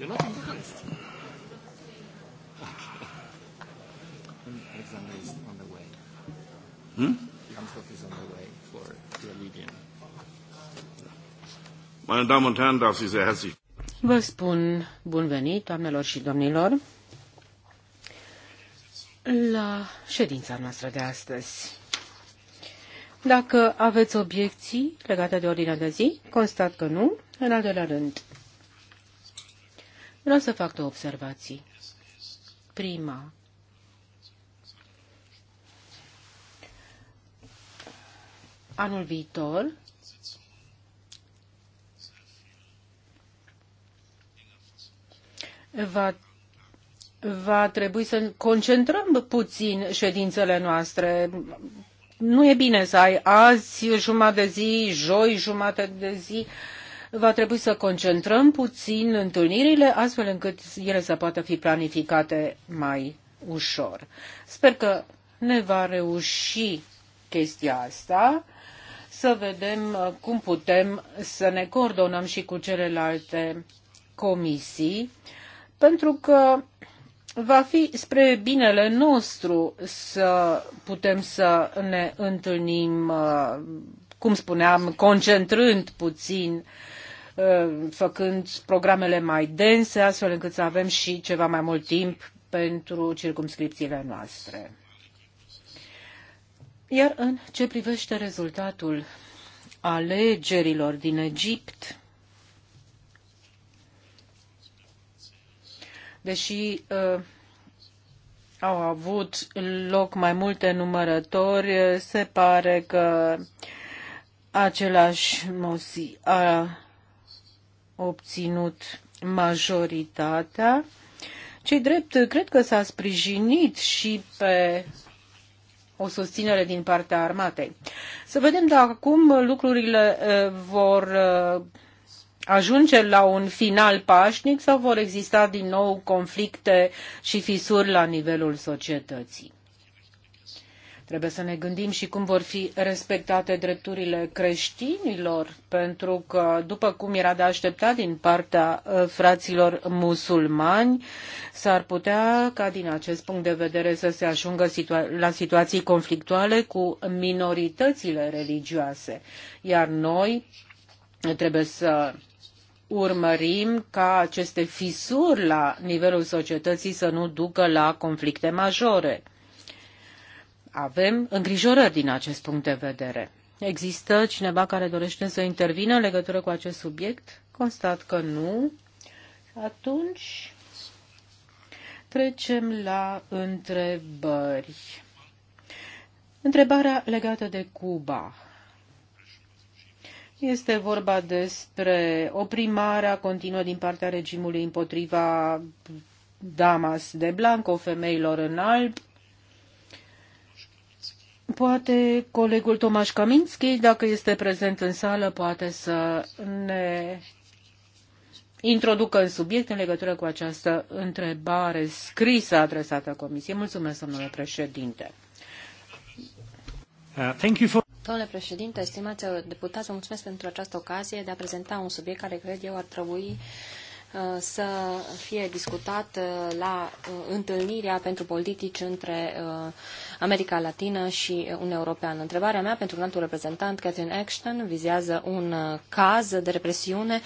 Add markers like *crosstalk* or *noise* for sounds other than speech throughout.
You're not Alexander is on the way. Hmm? is on the way for the Libyan. Meine Damen und Herren, darf sehr herzlich. Vă spun bun venit, doamnelor și domnilor, la ședința noastră de astăzi. Dacă aveți obiecții legate de ordinea de zi, constat că nu. În al doilea rând, Vreau să fac două observații. Prima. Anul viitor va va trebui să concentrăm puțin ședințele noastre. Nu e bine să ai azi jumătate de zi, joi jumătate de zi. Uh, va trebui să concentrăm puțin întâlnirile astfel încât ele să poată fi planificate mai ușor. Sper că ne va reuși chestia asta să vedem uh, cum putem să ne coordonăm și cu celelalte comisii, pentru că va fi spre binele nostru să putem să ne întâlnim, uh, cum spuneam, concentrând puțin uh, Uh, făcând programele mai dense, astfel încât să avem și ceva mai mult timp pentru circumscripțiile noastre. Iar în ce privește rezultatul alegerilor din Egipt, deși uh, au avut loc mai multe numărători, se pare că același Mosi a obținut majoritatea. Cei drept, cred că s-a sprijinit și pe o susținere din partea armatei. Să vedem dacă acum lucrurile vor ajunge la un final pașnic sau vor exista din nou conflicte și fisuri la nivelul societății. Trebuie să ne gândim și cum vor fi respectate drepturile creștinilor, pentru că, după cum era de așteptat din partea ă, fraților musulmani, s-ar putea ca din acest punct de vedere să se ajungă situa la situații conflictuale cu minoritățile religioase. Iar noi trebuie să urmărim ca aceste fisuri la nivelul societății să nu ducă la conflicte majore avem îngrijorări din acest punct de vedere. Există cineva care dorește să intervină în legătură cu acest subiect? Constat că nu. Atunci trecem la întrebări. Întrebarea legată de Cuba. Este vorba despre oprimarea continuă din partea regimului împotriva damas de Blanco, femeilor în alb, Poate colegul Tomaș Kaminski, dacă este prezent în sală, poate să ne introducă în subiect în legătură cu această întrebare scrisă adresată Comisiei. Mulțumesc, domnule președinte. Uh, thank you for... Domnule președinte, stimați deputați, vă mulțumesc pentru această ocazie de a prezenta un subiect care cred eu ar trebui uh, Uh, să fie discutat uh, la uh, întâlnirea pentru politici între America Latină și Uniunea Europeană. Întrebarea mea pentru înaltul reprezentant, Catherine Ashton, vizează un caz de represiune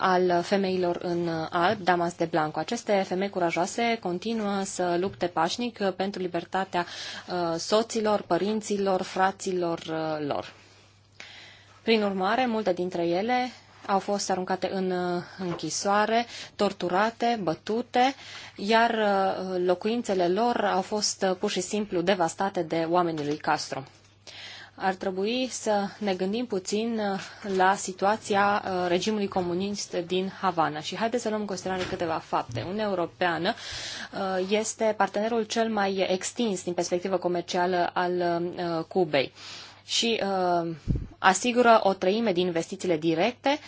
al femeilor în alb, Damas de Blanco. Aceste femei curajoase continuă să lupte pașnic pentru libertatea soților, părinților, fraților lor. Prin urmare, multe dintre ele au fost aruncate în uh, închisoare, torturate, bătute, iar uh, locuințele lor au fost uh, pur și simplu devastate de oamenii lui Castro. Ar trebui să ne gândim puțin la situația regimului comunist din Havana și haideți să luăm în considerare câteva fapte. Uniunea Europeană este partenerul cel mai extins din perspectivă comercială al Cubei și uh, asigură o treime din investițiile directe,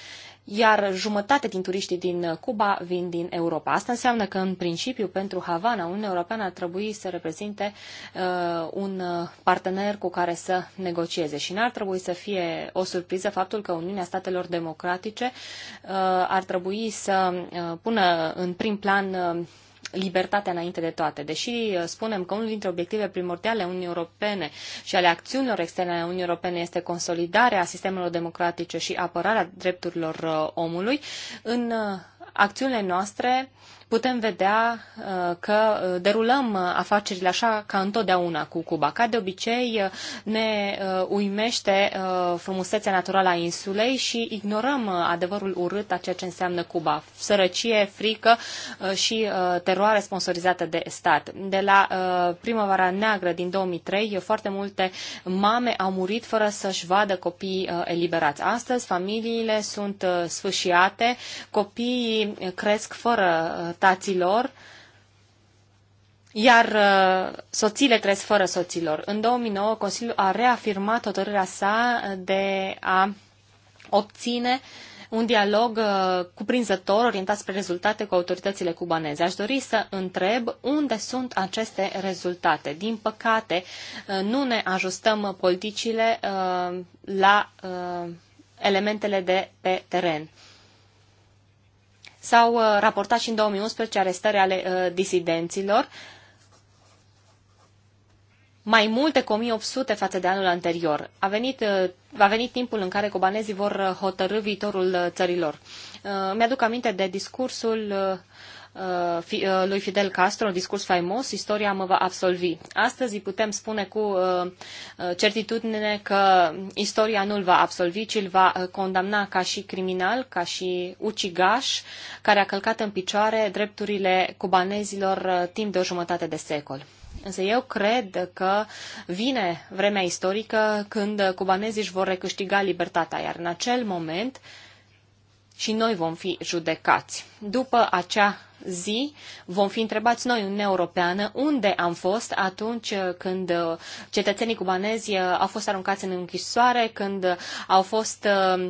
iar jumătate din turiștii din Cuba vin din Europa. Asta înseamnă că, în principiu, pentru Havana, Uniunea Europeană ar trebui să reprezinte uh, un partener cu care să negocieze și n-ar trebui să fie o surpriză faptul că Uniunea Statelor Democratice uh, ar trebui să uh, pună în prim plan uh, libertatea înainte de toate. Deși uh, spunem că unul dintre obiective primordiale ale Uniunii Europene și ale acțiunilor externe ale Uniunii Europene este consolidarea sistemelor democratice și apărarea drepturilor uh, omului, în uh, acțiunile noastre uh, putem vedea uh, că uh, derulăm uh, afacerile așa ca întotdeauna cu Cuba. Ca de obicei, ne uimește frumusețea naturală a insulei și ignorăm adevărul urât a ceea ce înseamnă Cuba. Sărăcie, frică și teroare sponsorizată de stat. De la primăvara neagră din 2003, foarte multe mame au murit fără să-și vadă copiii eliberați. Astăzi, familiile sunt sfâșiate, copiii cresc fără sotaților, iar uh, soțiile cresc fără soților. În 2009, Consiliul a reafirmat hotărârea sa de a obține un dialog uh, cuprinzător orientat spre rezultate cu autoritățile cubaneze. Aș dori să întreb unde sunt aceste rezultate. Din păcate, uh, nu ne ajustăm politicile la elementele de pe teren. S-au uh, raportat și în 2011 arestări ale uh, disidenților, mai multe cu 1800 față de anul anterior. A venit, uh, a venit timpul în care cobanezii vor hotărâ viitorul țărilor. Mi-aduc aminte de discursul Uh, uh, lui Fidel Castro, un discurs faimos, istoria mă va absolvi. Astăzi îi putem spune cu uh, certitudine că istoria nu îl va absolvi, ci îl va condamna ca și criminal, ca și ucigaș, care a călcat în picioare drepturile cubanezilor timp de o jumătate de secol. Însă eu cred că vine vremea istorică când cubanezii își vor recâștiga libertatea, iar în acel moment și noi vom fi judecați după acea zi vom fi întrebați noi, Uniunea Europeană, unde am fost atunci când uh, cetățenii cubanezi uh, au fost aruncați în închisoare, când au fost uh,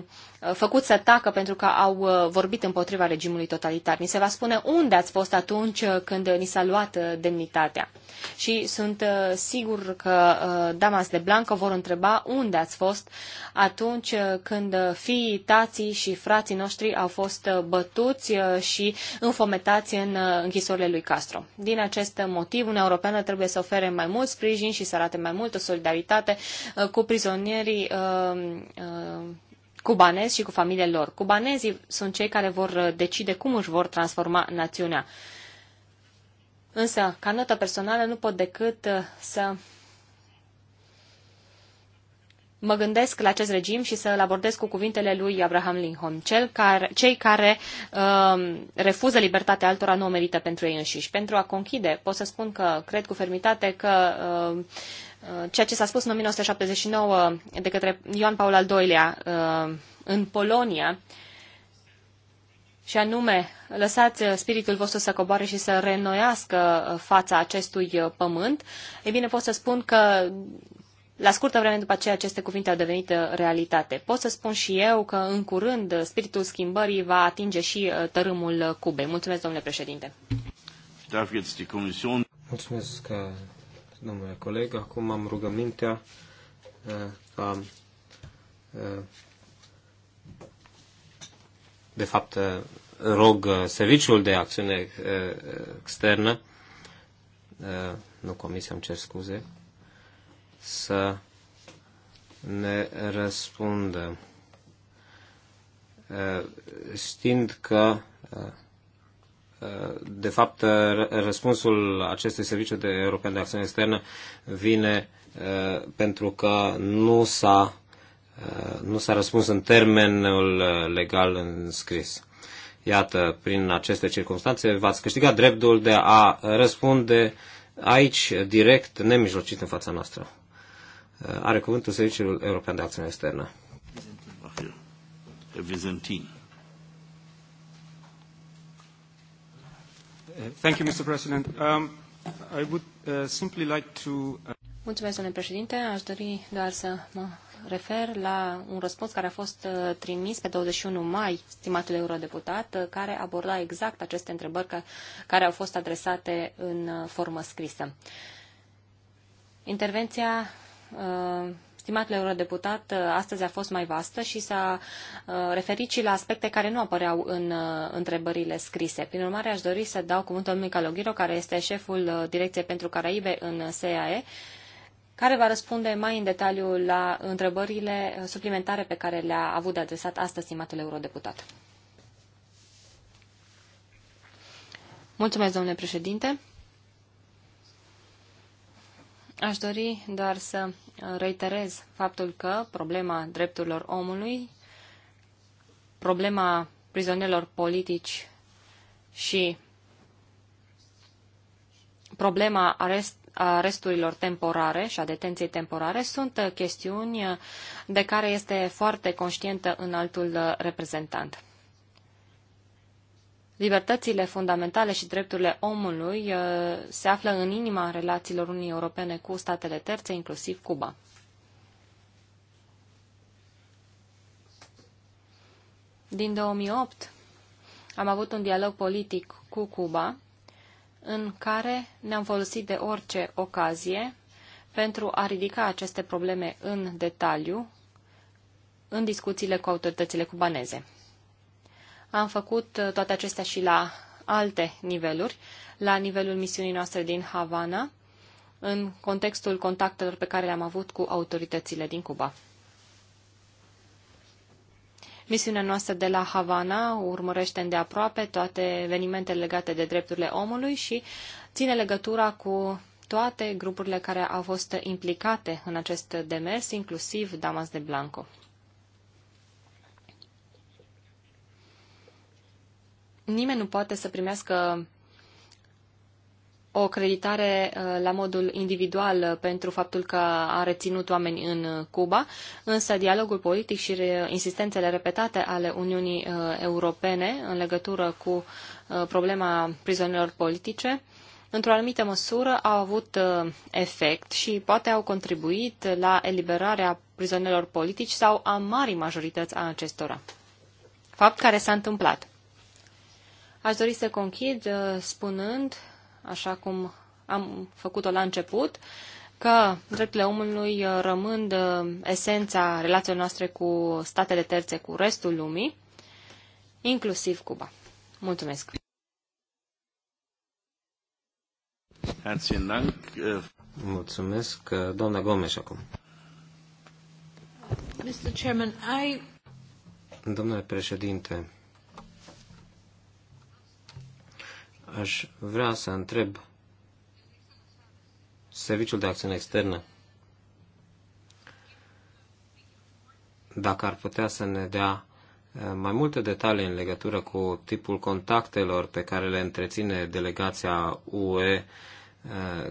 făcut să tacă pentru că au vorbit împotriva regimului totalitar. Ni se va spune unde ați fost atunci când ni s-a luat demnitatea. Și sunt sigur că Damas de Blanco vor întreba unde ați fost atunci când fiii, tații și frații noștri au fost bătuți și înfometați în uh, închisorile lui Castro. Din acest motiv, Uniunea Europeană trebuie să ofere mai mult sprijin și să arate mai multă solidaritate uh, cu prizonierii uh, cubanezi și cu familiile lor. Cubanezii sunt cei care vor decide cum își vor transforma națiunea. Însă, ca notă personală, nu pot decât să mă gândesc la acest regim și să-l abordez cu cuvintele lui Abraham Lincoln. Cel care, cei care uh, refuză libertatea altora nu o merită pentru ei înșiși. Pentru a conchide, pot să spun că cred cu fermitate că um, uh, ceea ce s-a spus în 1979 de către Ioan Paul al II-lea uh, um, în Polonia, și anume, lăsați uh, spiritul vostru să coboare și să reînnoiască uh, fața acestui uh, pământ, e bine pot să spun că la scurtă vreme după aceea, aceste cuvinte au devenit uh, realitate. Pot să spun și eu că, în curând, uh, spiritul schimbării va atinge și uh, tărâmul Cubei. Mulțumesc, domnule președinte. Mulțumesc, domnule coleg. Acum am rugămintea ca de fapt rog serviciul de acțiune externă, nu comisia, îmi cer scuze, să ne răspundă. Uh, știind că, uh, uh, de fapt, răspunsul acestui serviciu de european de acțiune externă vine pentru că nu s-a, nu s-a răspuns în termenul legal înscris. Iată, prin aceste circunstanțe v-ați câștigat dreptul de a răspunde aici, direct, nemijlocit în fața noastră. Uh, are cuvântul Serviciul European de Acțiune Externă. Vizantin. Uh, thank you, Mr. President. Um, I would uh, simply like to... Uh, Mulțumesc, domnule președinte. Aș dori doar să mă refer la un răspuns care a fost trimis pe 21 mai, stimatul eurodeputat, care aborda exact aceste întrebări care au fost adresate în formă scrisă. Intervenția Uh, stimatul eurodeputat, uh, astăzi a fost mai vastă și s-a uh, referit și la aspecte care nu apăreau în întrebările scrise. Prin urmare, aș dori să dau cuvântul domnului Caloghiro, care este șeful Direcției pentru Caraibe în SEAE, care va răspunde mai în detaliu la întrebările suplimentare pe care le-a avut de adresat astăzi stimatul eurodeputat. Mulțumesc, domnule președinte. Aș dori doar să reiterez faptul că problema drepturilor omului, problema prizonierilor politici și problema arest, aresturilor temporare și a detenției temporare sunt chestiuni de care este foarte conștientă în altul reprezentant. Libertățile fundamentale și drepturile omului uh, se află în inima relațiilor Uniunii Europene cu statele terțe, inclusiv Cuba. Din 2008 am avut un dialog politic cu Cuba în care ne-am folosit de orice ocazie pentru a ridica aceste probleme în detaliu în discuțiile cu autoritățile cubaneze. Am făcut uh, toate acestea și la alte niveluri, la nivelul misiunii noastre din Havana, în contextul contactelor pe care le-am avut cu autoritățile din Cuba. Misiunea noastră de la Havana urmărește îndeaproape toate evenimentele legate de drepturile omului și ține legătura cu toate grupurile care au fost implicate în acest demers, inclusiv Damas de Blanco. nimeni nu poate să primească o creditare uh, la modul individual uh, pentru faptul că a reținut oameni în uh, Cuba, însă dialogul politic și insistențele repetate ale Uniunii Europene în legătură cu problema prizonierilor politice, într-o anumită măsură, au avut efect și poate au contribuit la eliberarea prizonierilor politici sau a marii majorități a acestora. Fapt care s-a întâmplat. Aș dori să conchid uh, spunând, așa cum am făcut-o la început, că drepturile omului uh, rămân uh, esența relațiilor noastre cu statele terțe, cu restul lumii, inclusiv Cuba. Mulțumesc! Mulțumesc, doamna Gomes, acum. Mr. Chairman, I... Domnule președinte, Aș vrea să întreb Serviciul de Acțiune Externă dacă ar putea să ne dea eh, mai multe detalii în legătură cu tipul contactelor pe care le întreține delegația UE eh,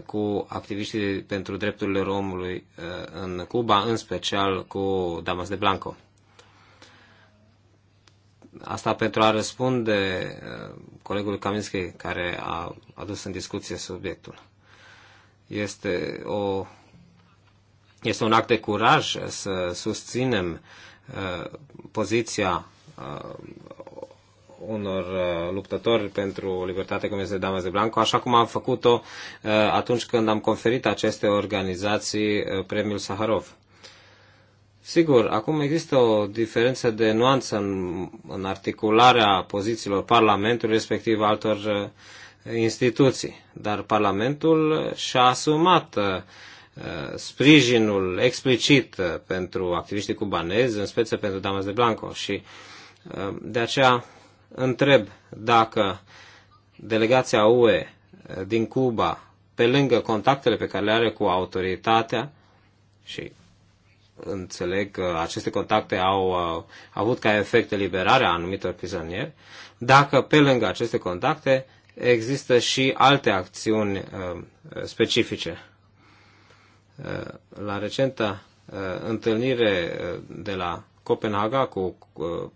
cu activiștii pentru drepturile omului eh, în Cuba, în special cu Damas de Blanco. Asta pentru a răspunde uh, colegului Kaminski care a adus în discuție subiectul. Este, o, este un act de curaj să susținem uh, poziția uh, unor luptători pentru libertate cum este Damas de Blanco, așa cum am făcut-o atunci când am conferit aceste organizații premiul Saharov. Sigur, acum există o diferență de nuanță în, în articularea pozițiilor Parlamentului, respectiv altor uh, instituții, dar Parlamentul și-a asumat uh, sprijinul explicit uh, pentru activiștii cubanezi, în speță pentru Damas de Blanco. Și uh, de aceea întreb dacă delegația UE uh, din Cuba, pe lângă contactele pe care le are cu autoritatea și înțeleg că aceste contacte uh, au avut ca efect eliberarea anumitor prizonieri, dacă pe lângă aceste contacte există și alte acțiuni uh, specifice. Uh, la recenta întâlnire de la Copenhaga cu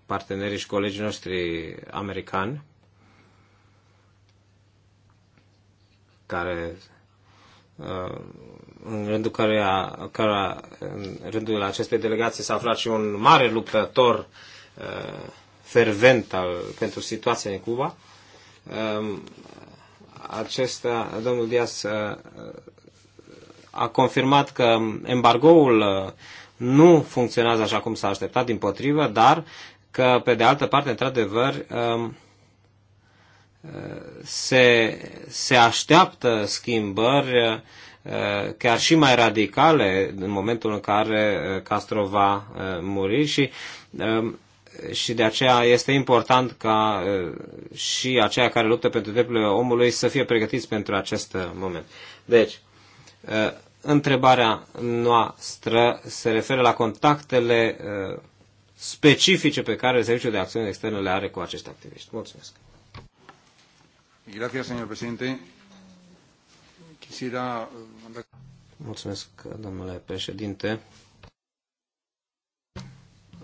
partenerii și colegii noștri americani, care Uh, în rândul căruia, căruia, în rândul acestei delegații s-a aflat și un mare luptător uh, fervent al, pentru situația în Cuba. Um, acesta, domnul Diaz uh, a confirmat că embargoul nu funcționează așa cum s-a așteptat, din potrivă, dar că, pe de altă parte, într-adevăr, uh, se, se așteaptă schimbări uh, chiar și mai radicale în momentul în care uh, Castro va uh, muri și, um, și de aceea este important ca și aceia care luptă pentru drepturile omului să fie pregătiți pentru acest moment. Deci, întrebarea noastră se referă la contactele specifice pe care Serviciul de Acțiune Externă le are cu acești activiști. Mulțumesc! Gracias, señor presidente. Quisiera... Eh, Mulțumesc, domnule președinte.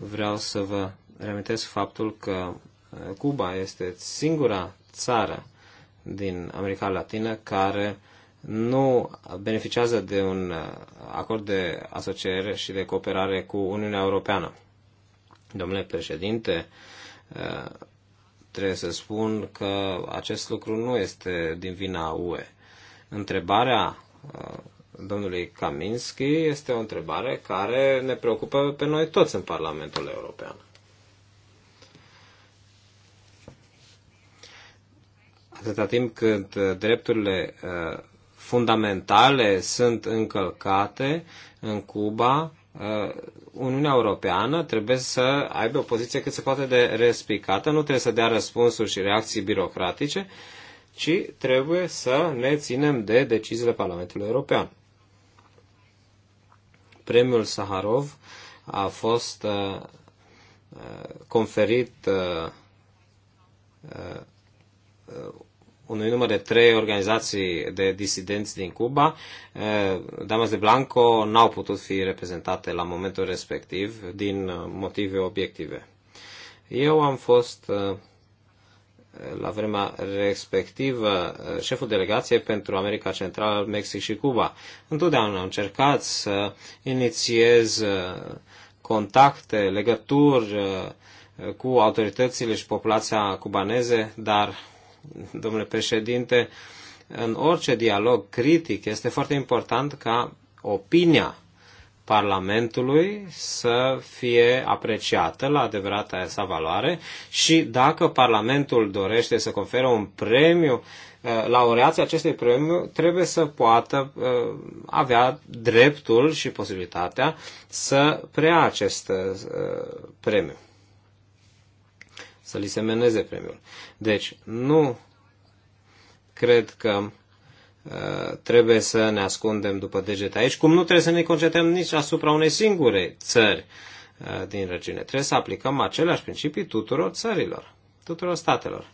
Vreau să vă reamintesc faptul că eh, Cuba este singura țară din America Latină care nu beneficiază de un eh, acord de asociere și de cooperare cu Uniunea Europeană. Domnule președinte, trebuie să spun că acest lucru nu este din vina UE. Întrebarea uh, domnului Kaminski este o întrebare care ne preocupă pe noi toți în Parlamentul European. Atâta timp cât uh, drepturile uh, fundamentale sunt încălcate în Cuba, Uh, Uniunea Europeană trebuie să aibă o poziție cât se poate de respicată, nu trebuie să dea răspunsuri și reacții birocratice, ci trebuie să ne ținem de deciziile Parlamentului European. Premiul Saharov a fost uh, uh, conferit unui număr de trei organizații de disidenți din Cuba. Eh, Damas de Blanco n-au putut fi reprezentate la momentul respectiv din eh, motive obiective. Eu am fost eh, la vremea respectivă șeful delegației pentru America Centrală, Mexic și Cuba. Întotdeauna am încercat să inițiez contacte, legături cu autoritățile și populația cubaneze, dar domnule președinte, în orice dialog critic este foarte important ca opinia Parlamentului să fie apreciată la adevărata sa valoare și dacă Parlamentul dorește să confere un premiu uh, laureații acestui premiu trebuie să poată uh, avea dreptul și posibilitatea să preia acest uh, premiu să li se meneze premiul. Deci, nu cred că uh, trebuie să ne ascundem după degete aici, cum nu trebuie să ne concentrăm nici asupra unei singure țări uh, din regiune. Trebuie să aplicăm aceleași principii tuturor țărilor, tuturor statelor.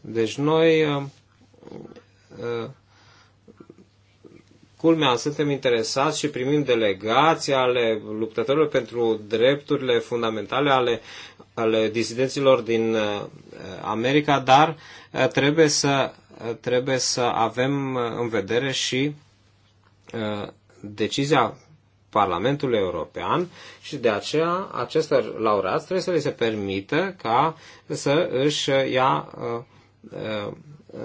Deci noi, uh, culmea, suntem interesați și primim delegații ale luptătorilor pentru drepturile fundamentale ale al disidenților din uh, America, dar uh, trebuie să, uh, trebuie să avem în vedere și decizia Parlamentului European și de aceea acestor laureați trebuie să li se permită ca să își ia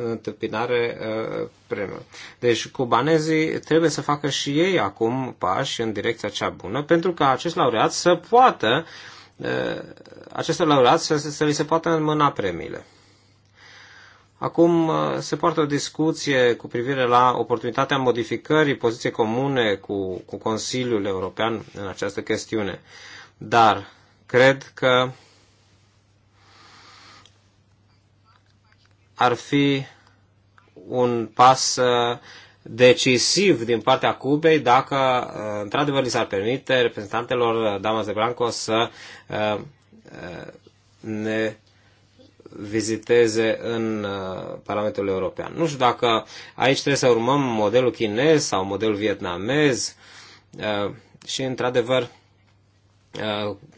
întâmpinare premiul. Deci cubanezii trebuie să facă și ei acum pași în direcția cea bună pentru ca acest laureat să poată uh, acestor laureați să, să li se poată înmâna premiile. Acum se poartă o discuție cu privire la oportunitatea modificării poziției comune cu, cu Consiliul European în această chestiune. Dar cred că ar fi un pas decisiv din partea Cubei dacă, uh, într-adevăr, li s-ar permite reprezentantelor uh, Damas de Blanco să uh, ne viziteze în Parlamentul European. Nu știu dacă aici trebuie să urmăm modelul chinez sau modelul vietnamez și, într-adevăr,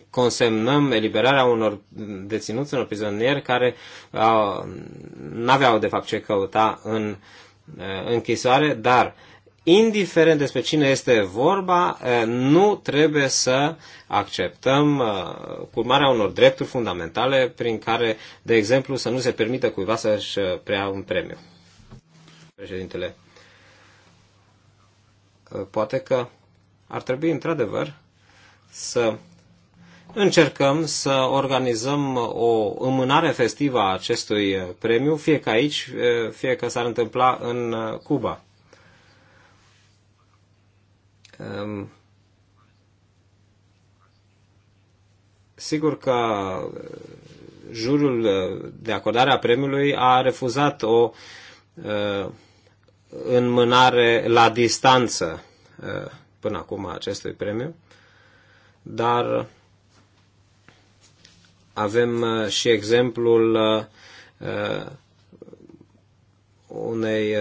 consemnăm eliberarea unor deținuți, unor prizonieri care n-aveau, de fapt, ce căuta în uh, Uh, închisoare, dar indiferent despre cine este vorba, uh, nu trebuie să acceptăm uh, curmarea unor drepturi fundamentale prin care, de exemplu, să nu se permită cuiva să-și prea un premiu. Președintele, poate că ar trebui într-adevăr să încercăm să organizăm o îmânare festivă a acestui premiu, fie că aici, fie că s-ar întâmpla în Cuba. Ehm, sigur că eh, jurul de acordare a premiului a refuzat o eh, înmânare la distanță eh, până acum acestui premiu, dar avem uh, și exemplul uh, uh, unei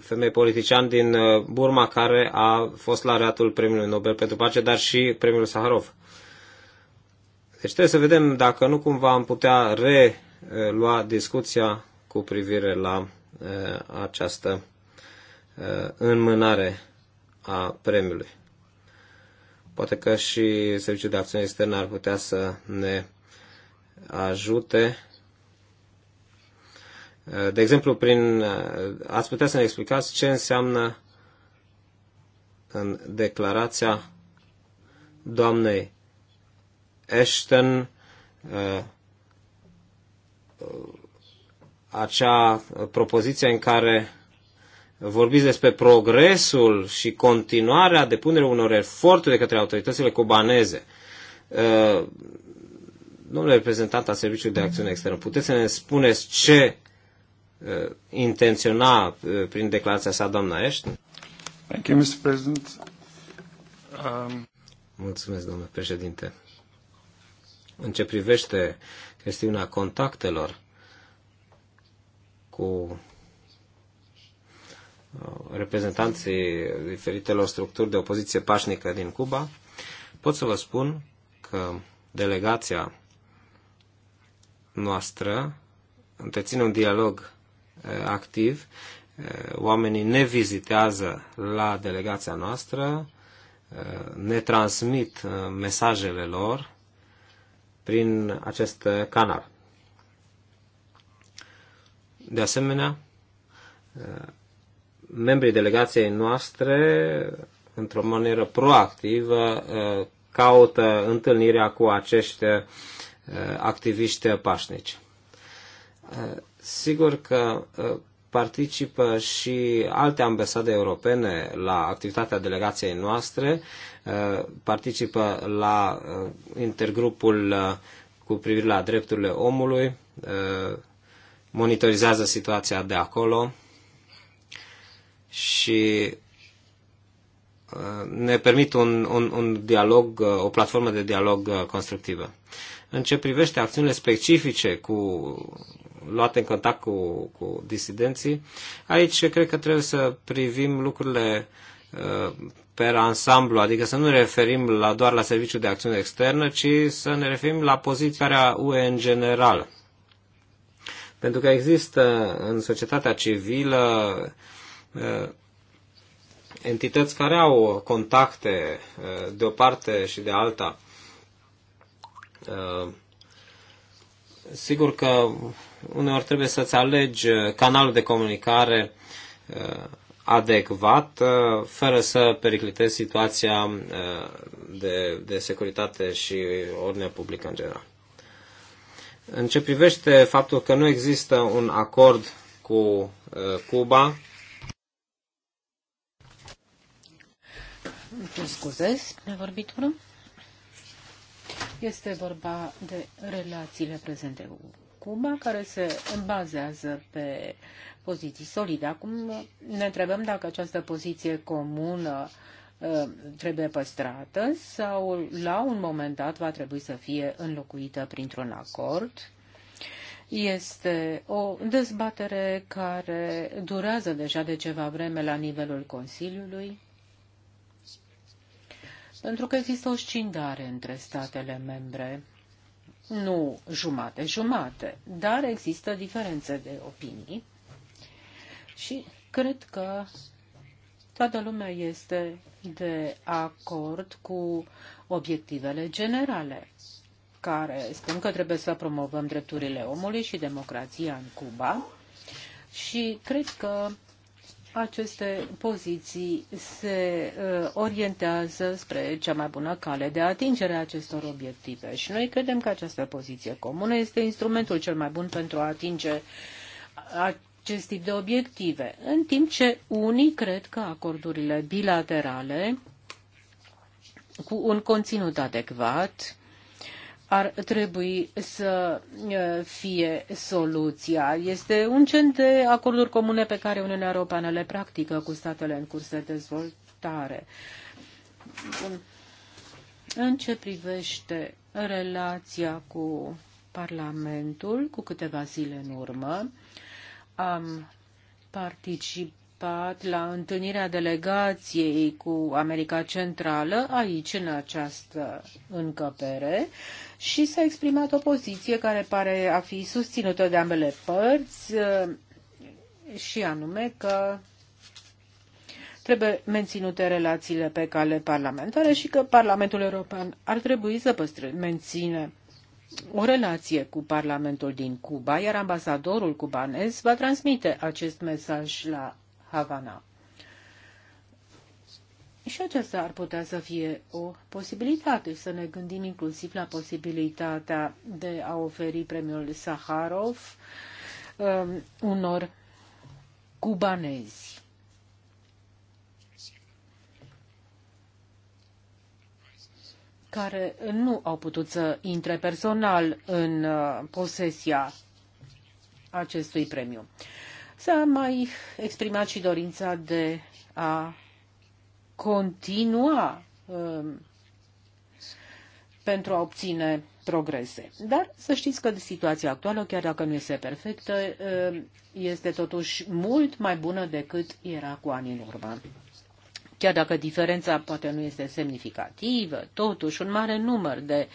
femei politician din Burma care a fost la reatul Premiului Nobel pentru Pace, dar și Premiul Saharov. Deci trebuie să vedem dacă nu cumva am putea relua discuția cu privire la această înmânare a premiului. Poate că și Serviciul de Acțiune Externă ar putea să ne ajute. De exemplu, prin, ați putea să ne explicați ce înseamnă în declarația doamnei Ashton uh, acea propoziție în care vorbiți despre progresul și continuarea depunerii unor eforturi de către autoritățile cubaneze. Uh, Domnule reprezentant al Serviciului de Acțiune Externă, puteți să ne spuneți ce uh, intenționa uh, prin declarația sa doamna Ashton? Thank you, Mr. President. Um... Mulțumesc, domnule președinte. În ce privește chestiunea contactelor cu uh, reprezentanții diferitelor structuri de opoziție pașnică din Cuba, pot să vă spun că delegația noastră întreține un dialog activ. Oamenii ne vizitează la delegația noastră, ne transmit mesajele lor prin acest canal. De asemenea, membrii delegației noastre, într-o manieră proactivă, caută întâlnirea cu acești Uh, activiști pașnici. Uh, sigur că uh, participă și alte ambasade europene la activitatea delegației noastre, participă la intergrupul cu privire la drepturile omului, monitorizează situația de acolo și ne permit un, un, un dialog, o platformă de dialog constructivă. În ce privește acțiunile specifice cu luate în contact cu, cu disidenții, aici cred că trebuie să privim lucrurile uh, per ansamblu, adică să nu ne referim la, doar la serviciul de acțiune externă, ci să ne referim la poziția UE în general. Pentru că există în societatea civilă uh, entități care au contacte uh, de o parte și de alta Uh, sigur că uneori trebuie să-ți alegi uh, canalul de comunicare uh, adecvat, fără să periclitezi situația de, de securitate și ordinea publică în general. În ce privește faptul că nu există un acord cu Cuba, scuze, ne vorbit vreun? Este vorba de relațiile prezente cu Cuba, care se bazează pe poziții solide. Acum ne întrebăm dacă această poziție comună ă, trebuie păstrată sau la un moment dat va trebui să fie înlocuită printr-un acord. Este o dezbatere care durează deja de ceva vreme la nivelul Consiliului pentru că există o scindare între statele membre, nu jumate-jumate, dar există diferențe de opinii și cred că toată lumea este de acord cu obiectivele generale care spun că trebuie să promovăm drepturile omului și democrația în Cuba și cred că aceste poziții se uh, orientează spre cea mai bună cale de atingere a acestor obiective și noi credem că această poziție comună este instrumentul cel mai bun pentru a atinge acest tip de obiective, în timp ce unii cred că acordurile bilaterale cu un conținut adecvat ar trebui să fie soluția. Este un cent de acorduri comune pe care Uniunea Europeană le practică cu statele în curs de dezvoltare. Bun. În ce privește relația cu Parlamentul, cu câteva zile în urmă, am participat participat la întâlnirea delegației cu America Centrală aici, în această încăpere, și s-a exprimat o poziție care pare a fi susținută de ambele părți, și anume că trebuie menținute relațiile pe cale parlamentare și că Parlamentul European ar trebui să păstre, menține o relație cu Parlamentul din Cuba, iar ambasadorul cubanez va transmite acest mesaj la Havana. Și aceasta ar putea să fie o posibilitate, să ne gândim inclusiv la posibilitatea de a oferi premiul Saharov um, unor cubanezi. care nu au putut să intre personal în uh, posesia acestui premiu. S-a mai exprimat și dorința de a continua um, pentru a obține progrese. Dar să știți că situația actuală, chiar dacă nu este perfectă, um, este totuși mult mai bună decât era cu ani în urmă. Chiar dacă diferența poate nu este semnificativă, totuși un mare număr de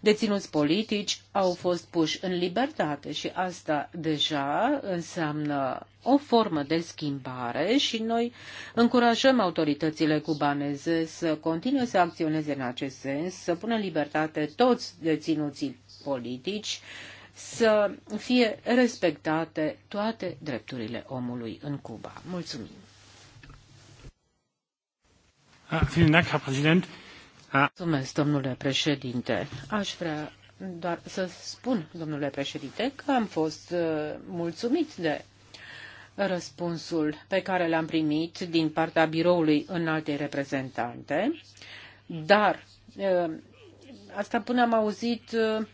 deținuți politici au fost puși în libertate și asta deja înseamnă o formă de schimbare și noi încurajăm autoritățile cubaneze să continue să acționeze în acest sens, să pună în libertate toți deținuții politici, să fie respectate toate drepturile omului în Cuba. Mulțumim! Ah, ah. domnule președinte. Aș vrea doar să spun, domnule președinte, că am fost uh, mulțumit de răspunsul pe care l-am primit din partea biroului înaltei reprezentante, dar uh, asta până am auzit uh,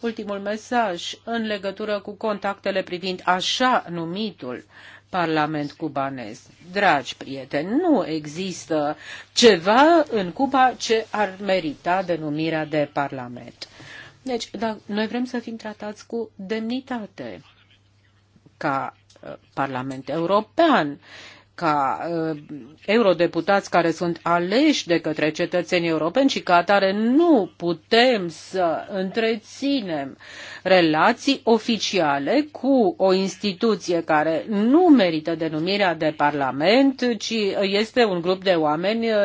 ultimul mesaj în legătură cu contactele privind așa numitul Parlament cubanez. Dragi prieteni, nu există ceva în Cuba ce ar merita denumirea de Parlament. Deci, da, noi vrem să fim tratați cu demnitate ca uh, Parlament European ca uh, eurodeputați care sunt aleși de către cetățenii europeni și ca atare nu putem să întreținem relații oficiale cu o instituție care nu merită denumirea de Parlament, ci este un grup de oameni uh,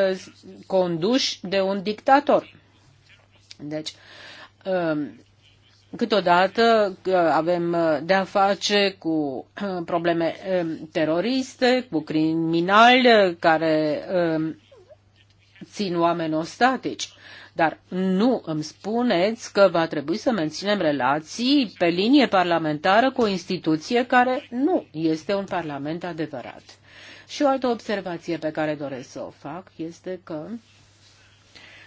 conduși de un dictator. Deci, uh, Câteodată uh, avem uh, de-a face cu uh, probleme um, teroriste, cu criminali care um, țin oameni ostatici. Dar nu îmi spuneți că va trebui să menținem relații pe linie parlamentară cu o instituție care nu este un parlament adevărat. Și o altă observație pe care doresc să o fac este că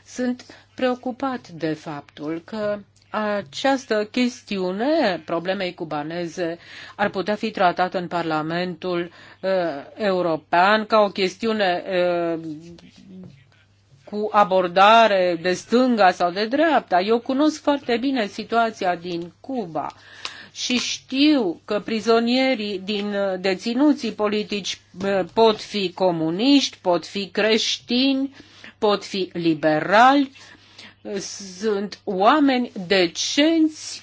sunt preocupat de faptul că această chestiune problemei cubaneze ar putea fi tratată în Parlamentul uh, European ca o chestiune uh, cu abordare de stânga sau de dreapta. Eu cunosc foarte bine situația din Cuba și știu că prizonierii din uh, deținuții politici uh, pot fi comuniști, pot fi creștini, pot fi liberali sunt oameni decenți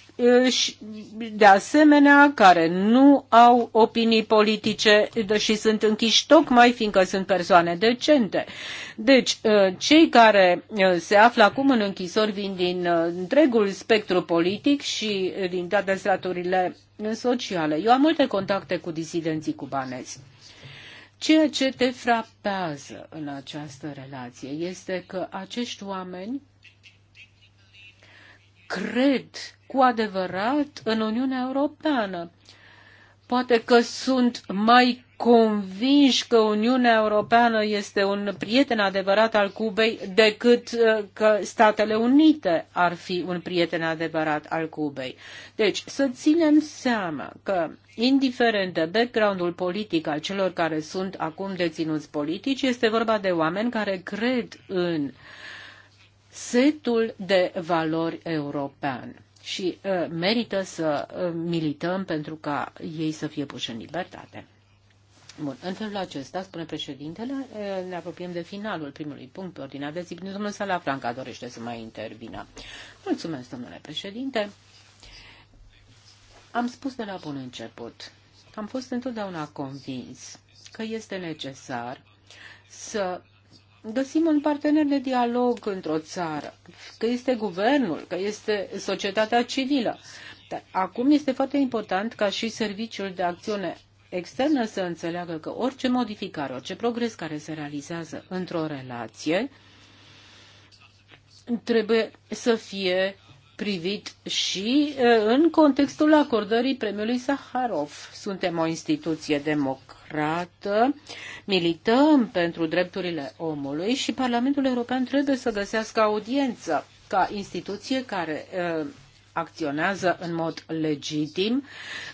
și de asemenea care nu au opinii politice și sunt închiși tocmai fiindcă sunt persoane decente. Deci, ă, cei care ă, se află acum în închisori vin din ă, întregul spectru politic și din toate straturile sociale. Eu am multe contacte cu disidenții cubanezi. Ceea ce te frapează în această relație este că acești oameni cred cu adevărat în Uniunea Europeană. Poate că sunt mai convinși că Uniunea Europeană este un prieten adevărat al Cubei decât uh, că Statele Unite ar fi un prieten adevărat al Cubei. Deci să ținem seama că, indiferent de backgroundul politic al celor care sunt acum deținuți politici, este vorba de oameni care cred în uh, setul de valori european și uh, merită să uh, milităm pentru ca ei să fie puși în libertate. Bun, în felul acesta, spune președintele, uh, ne apropiem de finalul primului punct pe ordinea de zi. Domnul Franca dorește să mai intervină. Mulțumesc, domnule președinte. Am spus de la bun început că am fost întotdeauna convins că este necesar să găsim un partener de dialog într-o țară, că este guvernul, că este societatea civilă. Dar acum este foarte important ca și serviciul de acțiune externă să înțeleagă că orice modificare, orice progres care se realizează într-o relație trebuie să fie privit și eh, în contextul acordării premiului Saharov. Suntem o instituție democratică arată, milităm pentru drepturile omului și Parlamentul European trebuie să găsească audiență ca instituție care uh, acționează în mod legitim,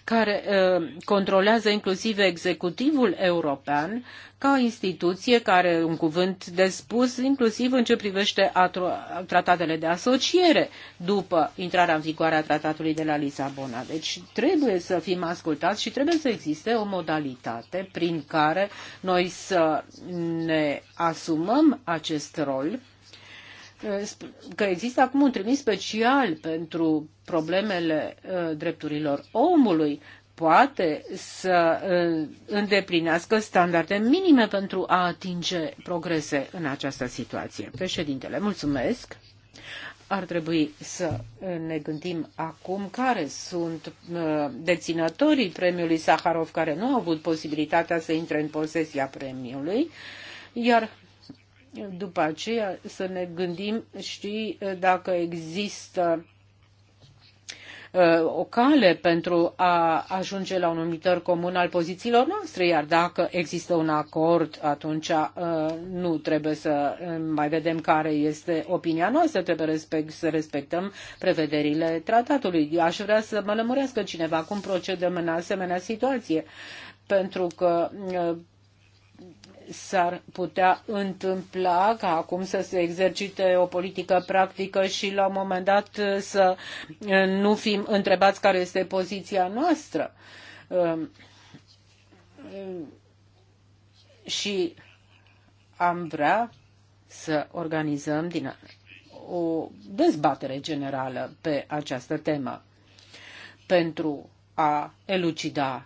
care controlează inclusiv executivul european ca instituție care un cuvânt de spus inclusiv în ce privește tratatele de asociere după intrarea în vigoare a tratatului de la Lisabona. Deci trebuie să fim ascultați și trebuie să existe o modalitate prin care noi să ne asumăm acest rol că există acum un trimis special pentru problemele ă, drepturilor omului, poate să ă, îndeplinească standarde minime pentru a atinge progrese în această situație. Președintele, mulțumesc. Ar trebui să ă, ne gândim acum care sunt deținătorii premiului Saharov care nu au avut posibilitatea să intre în posesia premiului, iar după aceea să ne gândim și uh, dacă există uh, o cale pentru a ajunge la un numitor comun al pozițiilor noastre, iar dacă există un acord, atunci uh, nu trebuie să mai vedem care este opinia noastră, trebuie respect, să respectăm prevederile tratatului. Aș vrea să mă lămurească cineva cum procedăm în asemenea situație pentru că s-ar putea întâmpla ca acum să se exercite o politică practică și la un moment dat să eh, nu fim întrebați care este poziția noastră. Ehm, eh, și am vrea să organizăm din o dezbatere generală pe această temă pentru a elucida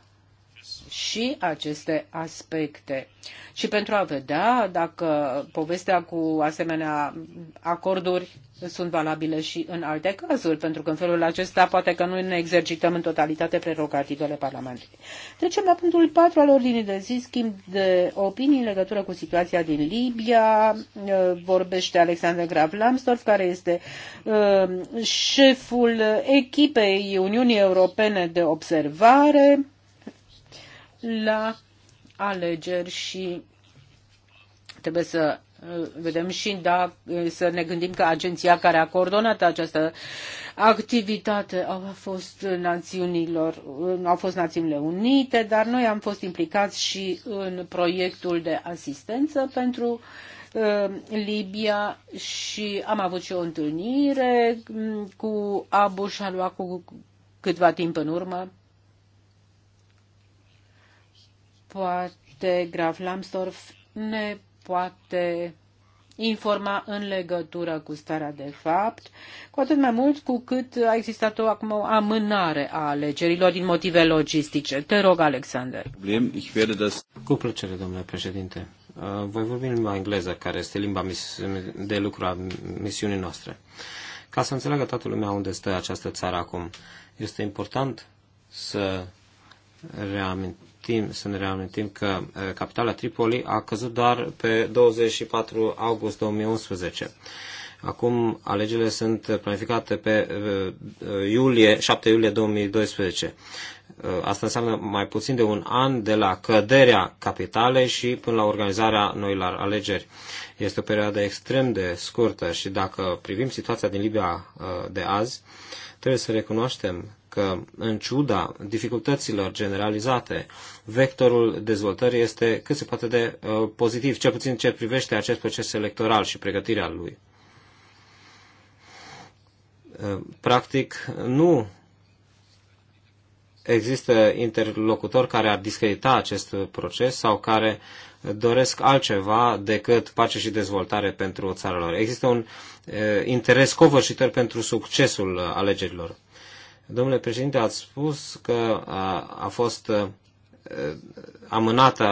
și aceste aspecte. Și pentru a vedea dacă povestea cu asemenea acorduri sunt valabile și în alte cazuri, pentru că în felul acesta poate că nu ne exercităm în totalitate prerogativele Parlamentului. Trecem la punctul 4 al ordinii de zi, schimb de opinii în legătură cu situația din Libia. Uh, vorbește Alexander Graf Lambsdorff, care este uh, șeful echipei Uniunii Europene de Observare la alegeri și trebuie să uh, vedem și da, uh, să ne gândim că agenția care a coordonat această activitate au fost națiunilor, uh, au fost Națiunile Unite, dar noi am fost implicați și în proiectul de asistență pentru Libia și am avut și o întâlnire mm, cu Abu Shalwa cu câtva timp în urmă poate Graf Lambsdorff ne poate informa în legătură cu starea de fapt, cu atât mai mult cu cât a existat o acum o amânare a alegerilor din motive logistice. Te rog, Alexander. Cu plăcere, domnule președinte. Uh, voi vorbi în limba engleză, care este limba de lucru a misiunii noastre. Ca să înțeleagă toată lumea unde stă această țară acum, este important să reamintim reamintim, să ne reamintim că capitala Tripoli a căzut doar pe 24 august 2011. Acum alegerile sunt planificate pe iulie, 7 iulie 2012. Asta înseamnă mai puțin de un an de la căderea capitalei și până la organizarea noilor alegeri. Este o perioadă extrem de scurtă și dacă privim situația din Libia de azi, trebuie să recunoaștem că, în ciuda dificultăților generalizate, vectorul dezvoltării este cât se poate de uh, pozitiv, cel puțin ce privește acest proces electoral și pregătirea lui. Uh, practic, nu există interlocutori care ar discredita acest proces sau care doresc altceva decât pace și dezvoltare pentru țara lor. Există un uh, interes covârșitor pentru succesul alegerilor. Domnule președinte, ați spus că a, a fost amânată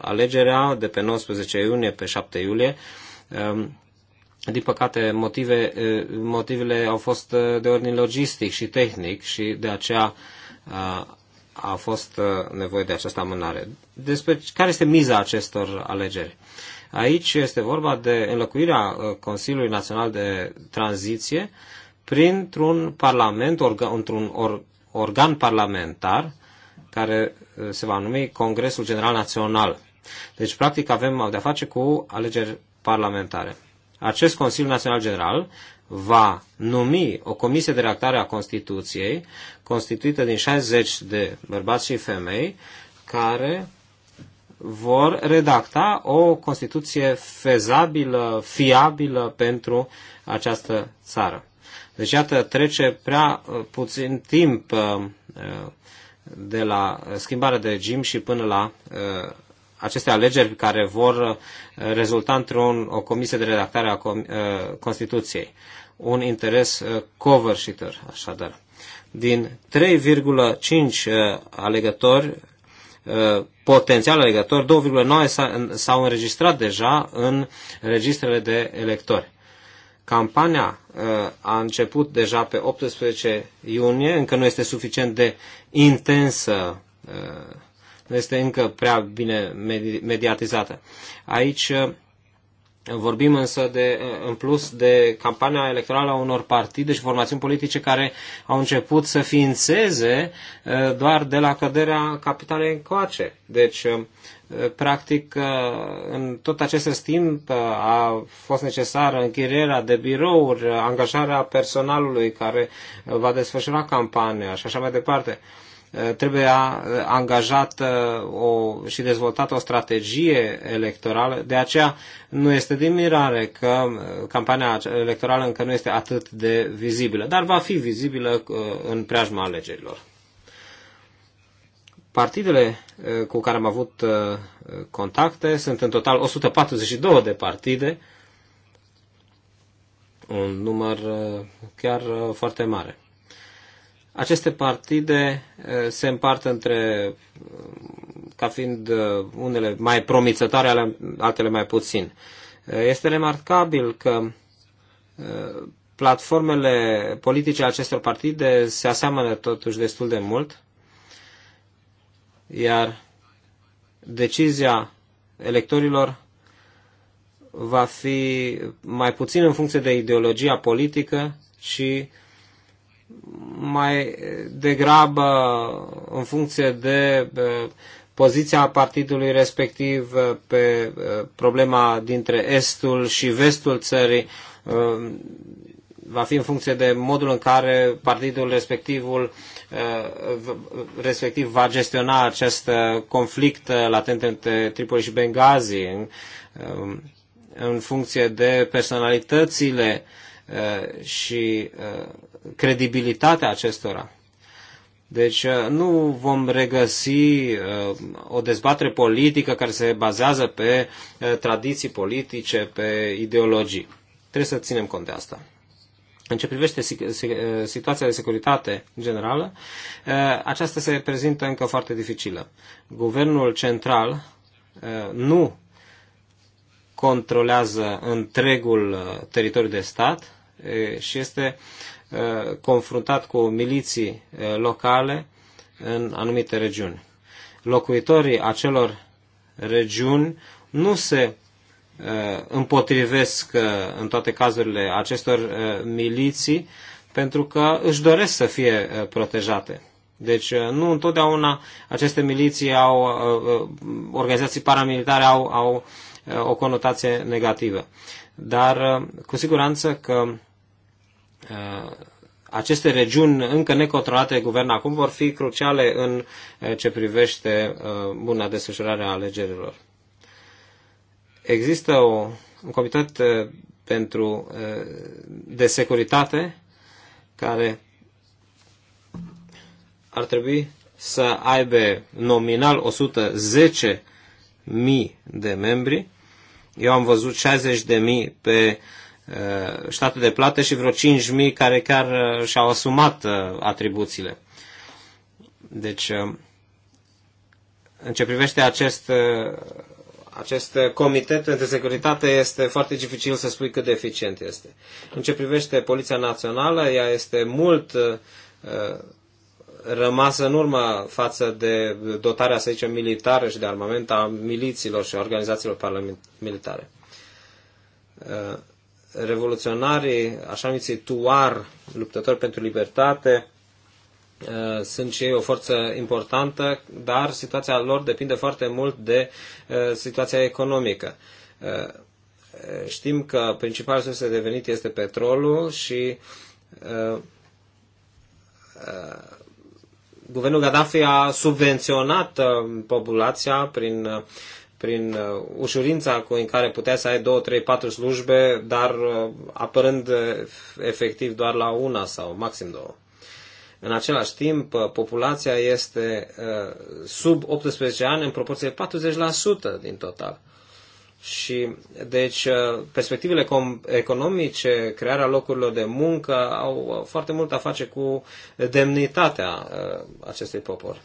alegerea de pe 19 iunie pe 7 iulie. Din păcate, motive, motivele au fost de ordin logistic și tehnic și de aceea a fost nevoie de această amânare. Despre care este miza acestor alegeri? Aici este vorba de înlocuirea Consiliului Național de Tranziție printr-un parlament, orga, într-un or, organ parlamentar care uh, se va numi Congresul General Național. Deci, practic, avem de-a face cu alegeri parlamentare. Acest Consiliu Național General va numi o comisie de reactare a Constituției, constituită din 60 de bărbați și femei, care vor redacta o Constituție fezabilă, fiabilă pentru această țară. Deci, iată, trece prea uh, puțin timp uh, de la schimbarea de regim și până la uh, aceste alegeri care vor rezulta într-o comisie de redactare a Constituției. Un interes covârșitor, așadar. Din 3,5 alegători, potențial alegători, 2,9 s-au înregistrat deja în registrele de electori. Campania uh, a început deja pe 18 iunie, încă nu este suficient de intensă, uh, nu este încă prea bine mediatizată. Aici uh, Vorbim însă de, în plus de campania electorală a unor partide și formațiuni politice care au început să ființeze doar de la căderea capitalei încoace. Deci practic, uh, în tot acest timp uh, a fost necesară închirierea de birouri, uh, angajarea personalului care va desfășura campania și așa mai departe. Trebuie angajat o, și dezvoltată o strategie electorală, de aceea nu este de mirare că campania electorală încă nu este atât de vizibilă, dar va fi vizibilă în preajma alegerilor. Partidele eh, cu care am avut eh, contacte sunt în total 142 de partide, un număr eh, chiar foarte mare. Aceste partide se împart între, ca fiind unele mai promițătoare, altele mai puțin. Este remarcabil că platformele politice acestor partide se aseamănă totuși destul de mult, iar decizia electorilor va fi mai puțin în funcție de ideologia politică, ci mai degrabă în funcție de eh, poziția partidului respectiv eh, pe eh, problema dintre estul și vestul țării, va fi în funcție de modul în care partidul respectivul, uh, respectiv va gestiona acest uh, conflict uh, latent între Tripoli și Benghazi, în, um, în funcție de personalitățile și credibilitatea acestora. Deci nu vom regăsi o dezbatere politică care se bazează pe tradiții politice, pe ideologii. Trebuie să ținem cont de asta. În ce privește situația de securitate generală, eh, aceasta se prezintă încă foarte dificilă. Guvernul central eh, nu controlează întregul eh, teritoriu de stat și este confruntat cu miliții locale în anumite regiuni. Locuitorii acelor regiuni nu se Uh, împotrivesc uh, în toate cazurile acestor uh, miliții pentru că își doresc să fie protejate. Deci nu întotdeauna aceste miliții au, organizații paramilitare au, au o conotație negativă. Dar cu siguranță că aceste regiuni încă necontrolate de guvern acum vor fi cruciale în ce privește buna desfășurare a alegerilor. Există o, un comitet eh, pentru, eh, de securitate care ar trebui să aibă nominal 110.000 de membri. Eu am văzut 60.000 pe eh, state de plată și vreo 5.000 care chiar și-au asumat atribuțiile. Deci, în ce privește acest acest comitet de securitate este foarte dificil să spui cât de eficient este. În ce privește Poliția Națională, ea este mult uh, rămasă în urmă față de dotarea, să zicem, militară și de armament a miliților și organizațiilor paramilitare. Uh, revoluționarii, așa numiții tuar, luptători pentru libertate, Eh, sunt și ei o forță importantă, dar situația lor depinde foarte mult de eh, situația economică. Eh, știm că principalul sus de venit este petrolul și guvernul Gaddafi a subvenționat populația prin, prin ușurința cu în care putea să ai două, trei, patru slujbe, dar apărând efectiv doar la una sau maxim două. În același timp, uh, populația este uh, sub 18 ani în proporție de 40% din total. Și, deci, uh, perspectivele economice, crearea locurilor de muncă au foarte mult a face cu demnitatea acestui popor.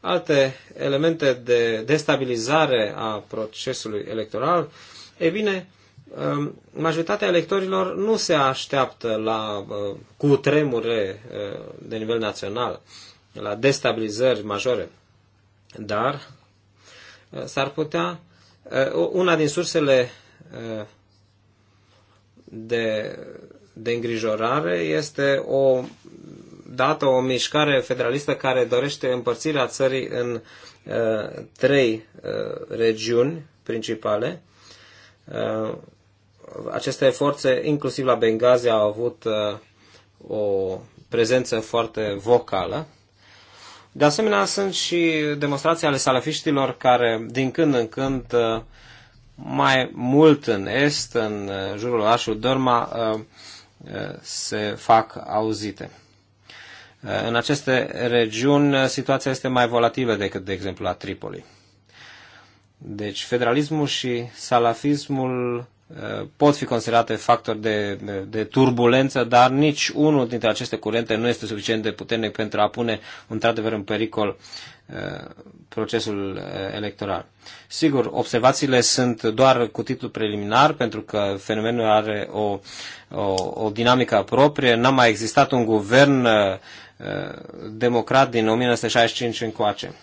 Alte elemente de destabilizare a procesului electoral, e bine, Ehm, majoritatea electorilor nu se așteaptă la uh, cu tremure uh, de nivel național, la destabilizări majore. Dar uh, s-ar putea una din sursele de, de îngrijorare este o dată o mișcare federalistă care dorește împărțirea țării în trei regiuni principale aceste forțe, inclusiv la Benghazi, au avut uh, o prezență foarte vocală. De asemenea, sunt și demonstrații ale salafiștilor care, din când în când, uh, mai mult în est, în uh, jurul orașului Dorma, se fac auzite. În aceste regiuni, situația este mai volatilă decât, de exemplu, la Tripoli. Deci, federalismul și salafismul pot fi considerate factori de, de, de turbulență, dar nici unul dintre aceste curente nu este suficient de puternic pentru a pune într-adevăr în pericol uh, procesul uh, electoral. Sigur, observațiile sunt doar cu titlu preliminar, pentru că fenomenul are o, o, o dinamică proprie. N-a mai existat un guvern uh, uh democrat din 1965 încoace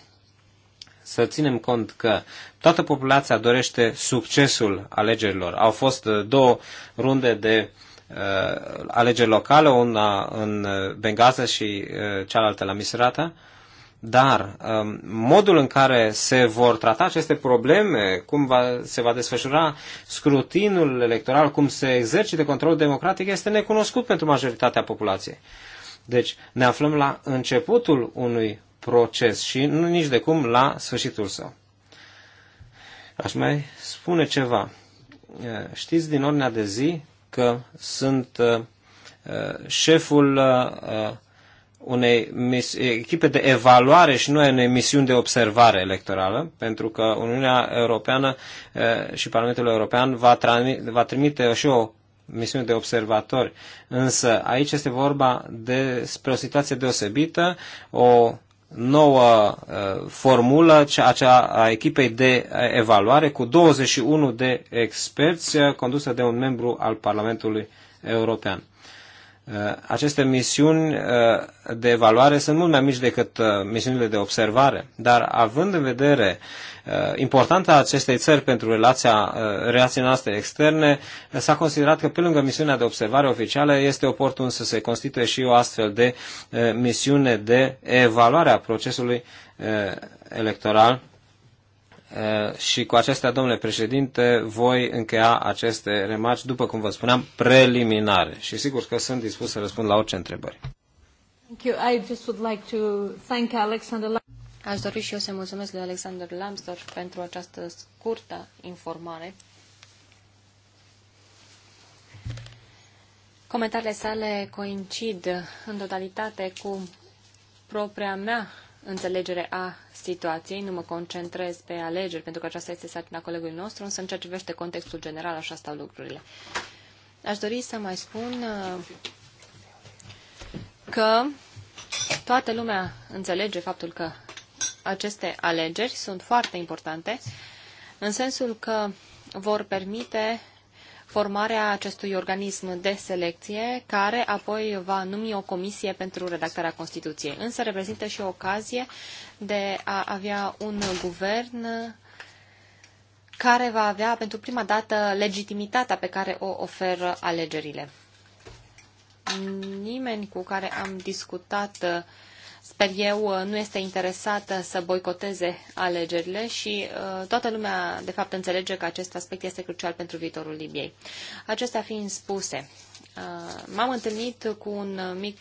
să ținem cont că toată populația dorește succesul alegerilor. Au fost uh, două runde de uh, alegeri locale, una în uh, Benghazi și uh, cealaltă la Misrata, dar uh, modul în care se vor trata aceste probleme, cum va, se va desfășura scrutinul electoral, cum se exercite controlul democratic, este necunoscut pentru majoritatea populației. Deci ne aflăm la începutul unui proces și nu nici de cum la sfârșitul său. Aș mai spune ceva. Știți din ordinea de zi că sunt șeful unei echipe de evaluare și nu a unei misiuni de observare electorală, pentru că Uniunea Europeană și Parlamentul European va, va trimite și o misiune de observatori. Însă aici este vorba despre o situație deosebită, o nouă uh, formulă, acea a echipei de uh, evaluare cu 21 de experți uh, condusă de un membru al Parlamentului European. Uh, aceste misiuni uh, de evaluare sunt mult mai mici decât uh, misiunile de observare, dar având în vedere importanța acestei țări pentru relația, relațiile noastre externe, s-a considerat că pe lângă misiunea de observare oficială este oportun să se constituie și o astfel de misiune de evaluare a procesului electoral Eh, și cu acestea, domnule președinte, voi încheia aceste remarci, după cum vă spuneam, preliminare. Și sigur că sunt dispus să răspund la orice întrebări. Aș dori și eu să mulțumesc lui Alexander Lambsdorff pentru această scurtă informare. Comentariile sale coincid în totalitate cu propria mea înțelegere a situației, nu mă concentrez pe alegeri, pentru că aceasta este sarcina colegului nostru, însă în ceea ce vește contextul general, așa stau lucrurile. Aș dori să mai spun uh, că toată lumea înțelege faptul că aceste alegeri sunt foarte importante, în sensul că vor permite formarea acestui organism de selecție, care apoi va numi o comisie pentru redactarea Constituției. Însă reprezintă și o ocazie de a avea un guvern care va avea pentru prima dată legitimitatea pe care o oferă alegerile. Nimeni cu care am discutat sper eu, uh, nu este interesată să boicoteze alegerile și uh, toată lumea, de fapt, înțelege că acest aspect este crucial pentru viitorul Libiei. Acestea fiind spuse, uh, m-am întâlnit cu un mic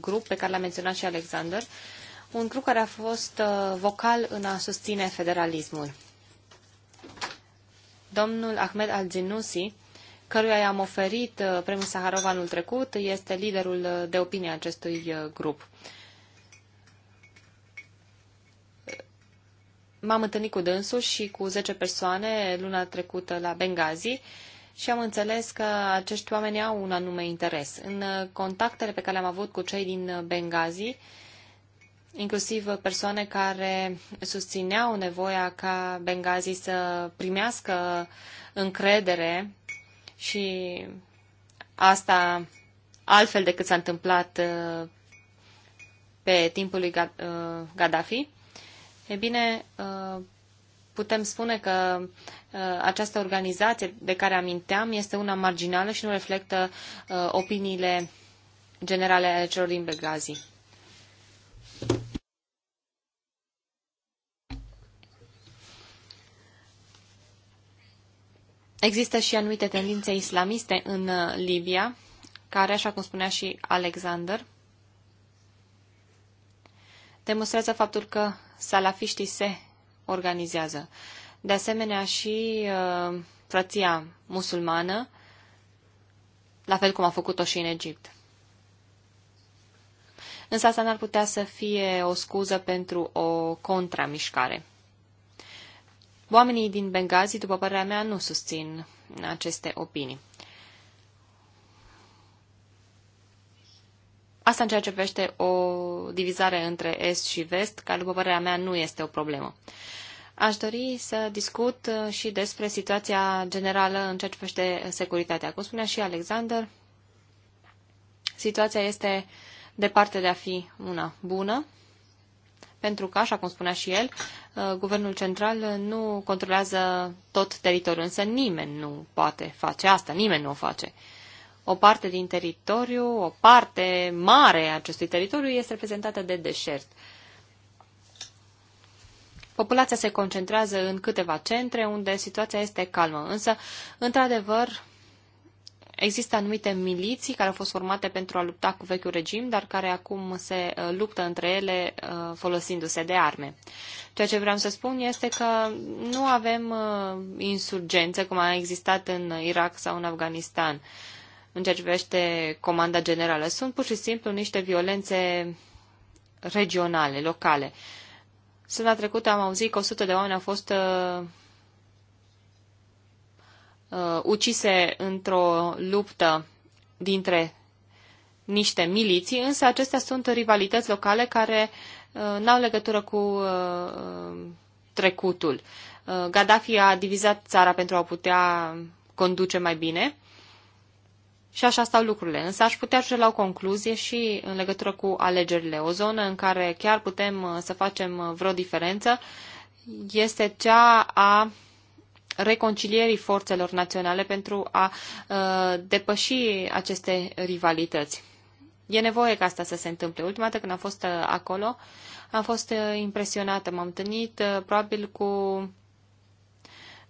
grup pe care l-a menționat și Alexander, un grup care a fost vocal în a susține federalismul. Domnul Ahmed Al-Zinusi, căruia i-am oferit premiul Saharov anul trecut, este liderul de opinie acestui grup. M-am întâlnit cu dânsul și cu 10 persoane luna trecută la Benghazi și am înțeles că acești oameni au un anume interes. În uh, contactele pe care le-am avut cu cei din uh, Benghazi, inclusiv persoane care susțineau nevoia ca Benghazi să primească încredere și asta altfel decât s-a întâmplat uh, pe timpul lui Gaddafi. E bine, uh, putem spune că uh, această organizație de care aminteam este una marginală și nu reflectă uh, opiniile generale ale celor din Begazi. Există și anumite tendințe islamiste în Libia, care, așa cum spunea și Alexander, demonstrează faptul că salafiștii se organizează. De asemenea și uh, frăția musulmană, la fel cum a făcut-o și în Egipt. Însă asta n-ar putea să fie o scuză pentru o contramișcare. Oamenii din Benghazi, după părerea mea, nu susțin aceste opinii. Asta în ceea ce privește o divizare între est și vest, care, după părerea mea, nu este o problemă. Aș dori să discut uh, și despre situația generală în ceea ce privește securitatea. Cum spunea și Alexander, situația este departe de a fi una bună, pentru că, așa cum spunea și el, uh, guvernul central nu controlează tot teritoriul, însă nimeni nu poate face asta, nimeni nu o face o parte din teritoriu, o parte mare a acestui teritoriu este reprezentată de deșert. Populația se concentrează în câteva centre unde situația este calmă, însă, într-adevăr, există anumite miliții care au fost formate pentru a lupta cu vechiul regim, dar care acum se uh, luptă între ele uh, folosindu-se de arme. Ceea ce vreau să spun este că nu avem uh, insurgențe cum a existat în Irak sau în Afganistan în ceea ce privește comanda generală. Sunt pur și simplu niște violențe regionale, locale. la trecută am auzit că 100 de oameni au fost uh, uh, ucise într-o luptă dintre niște miliții, însă acestea sunt rivalități locale care uh, n-au legătură cu uh, trecutul. Uh, Gaddafi a divizat țara pentru a putea conduce mai bine și așa stau lucrurile. Însă aș putea ajunge la o concluzie și în legătură cu alegerile. O zonă în care chiar putem uh, să facem uh, vreo diferență este cea a reconcilierii forțelor naționale pentru a uh, depăși aceste rivalități. E nevoie ca asta să se întâmple. Ultima dată când am fost acolo, am fost impresionată. M-am întâlnit probabil cu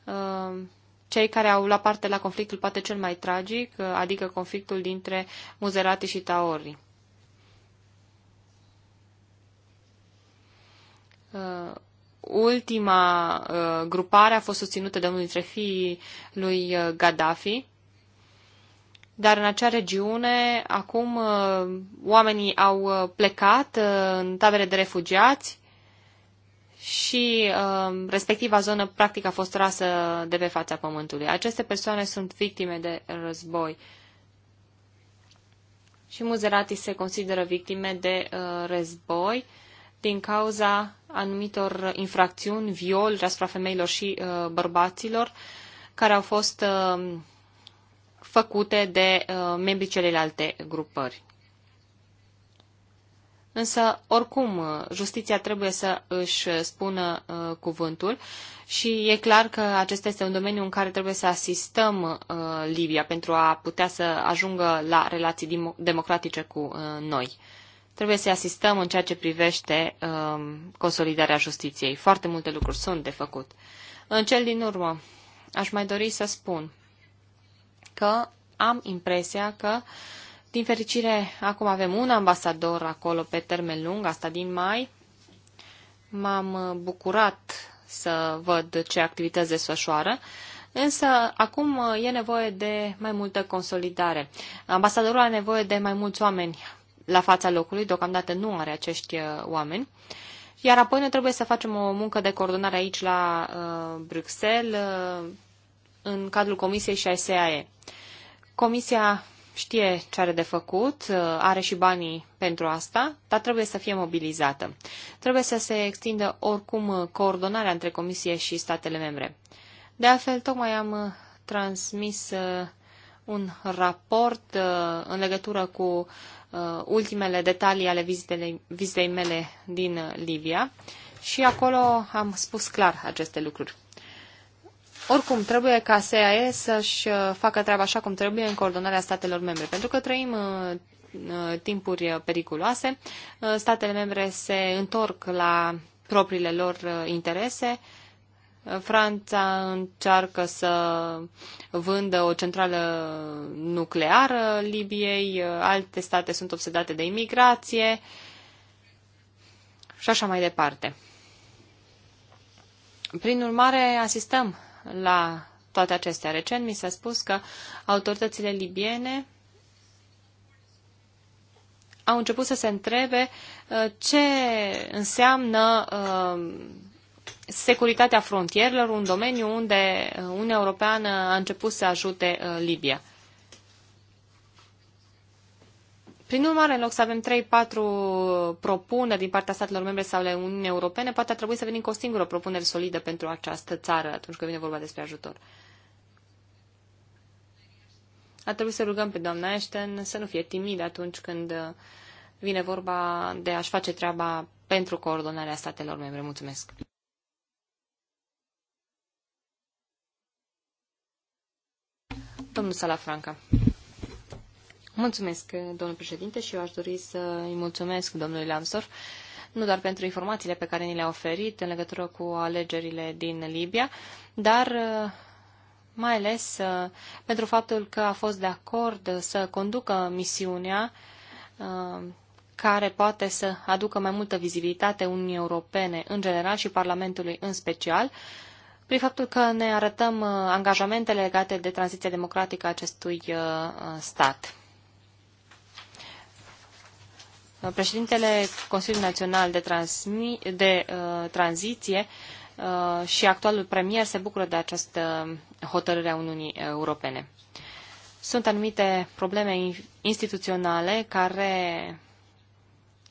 uh, cei care au luat parte la conflictul poate cel mai tragic, adică conflictul dintre Muzerati și Taori. Uh, ultima uh, grupare a fost susținută de unul dintre fiii lui uh, Gaddafi, dar în acea regiune acum oamenii au plecat în tabere de refugiați și uh, respectiva zonă practic a fost rasă de pe fața pământului. Aceste persoane sunt victime de război. Și muzeratii se consideră victime de uh, război din cauza anumitor infracțiuni, viol, asupra femeilor și uh, bărbaților, care au fost uh, făcute de uh, membrii celelalte grupări. Însă, oricum, uh, justiția trebuie să își spună uh, cuvântul și e clar că acesta este un domeniu în care trebuie să asistăm uh, Libia pentru a putea să ajungă la relații democratice cu uh, noi. Trebuie să asistăm în ceea ce privește uh, consolidarea justiției. Foarte multe lucruri sunt de făcut. În cel din urmă, aș mai dori să spun că am impresia că uh, din fericire, acum avem un ambasador acolo pe termen lung, asta din mai. M-am uh, bucurat să văd ce activități desfășoară, însă acum uh, e nevoie de mai multă consolidare. Ambasadorul are nevoie de mai mulți oameni la fața locului, deocamdată nu are acești uh, oameni. Iar apoi ne trebuie să facem o muncă de coordonare aici la uh, Bruxelles, uh, în cadrul Comisiei și a SAE. Comisia știe ce are de făcut, uh, are și banii pentru asta, dar trebuie să fie mobilizată. Trebuie să se extindă oricum uh, coordonarea între Comisie și statele membre. De altfel, tocmai am uh, transmis un raport în legătură cu ultimele detalii ale vizitei mele din Libia și acolo am spus clar aceste lucruri. Oricum, trebuie ca SAE să-și uh, facă treaba așa cum trebuie în coordonarea statelor membre, pentru că trăim uh, uh, timpuri periculoase, statele membre se întorc la propriile lor interese, Franța încearcă să vândă o centrală nucleară Libiei, alte state sunt obsedate de imigrație și așa mai departe. Prin urmare, asistăm la toate acestea. Recent mi s-a spus că autoritățile libiene au început să se întrebe uh, ce înseamnă uh, securitatea frontierelor, un domeniu unde Uniunea Europeană a început să ajute uh, Libia. Prin urmare, în loc să avem 3-4 propuneri din partea statelor membre sau ale Uniunii Europene, poate ar trebui să venim cu o singură propunere solidă pentru această țară atunci când vine vorba despre ajutor. Ar trebui să rugăm pe doamna Ashton să nu fie timid atunci când uh, vine vorba de a-și face treaba pentru coordonarea statelor membre. Mulțumesc! Domnul Salafranca. Mulțumesc, domnul președinte, și eu aș dori să îi mulțumesc domnului Lamsor, nu doar pentru informațiile pe care ni le-a oferit în legătură cu alegerile din Libia, dar uh, mai ales uh, pentru faptul că a fost de acord să conducă misiunea uh, care poate să aducă mai multă vizibilitate Uniunii Europene în general și Parlamentului în special, prin faptul că ne arătăm angajamentele legate de tranziția democratică a acestui stat. Uh, președintele Consiliului Național de, transmi, de uh, Tranziție uh, și actualul premier se bucură de această hotărâre a Uniunii Europene. Sunt anumite probleme instituționale care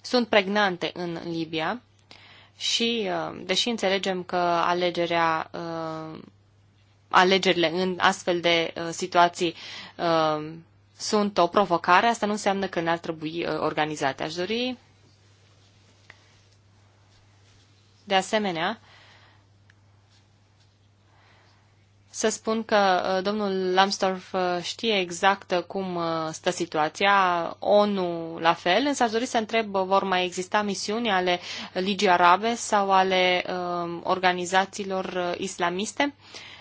sunt pregnante în Libia și, uh, deși înțelegem că alegerea uh, alegerile în astfel de uh, situații uh, sunt o provocare, asta nu înseamnă că n-ar trebui uh, organizate. Aș dori de asemenea să spun că uh, domnul Lambsdorff uh, știe exact cum stă situația, ONU la fel, însă aș dori să întreb, vor mai exista misiuni ale Ligii Arabe sau ale organizațiilor islamiste?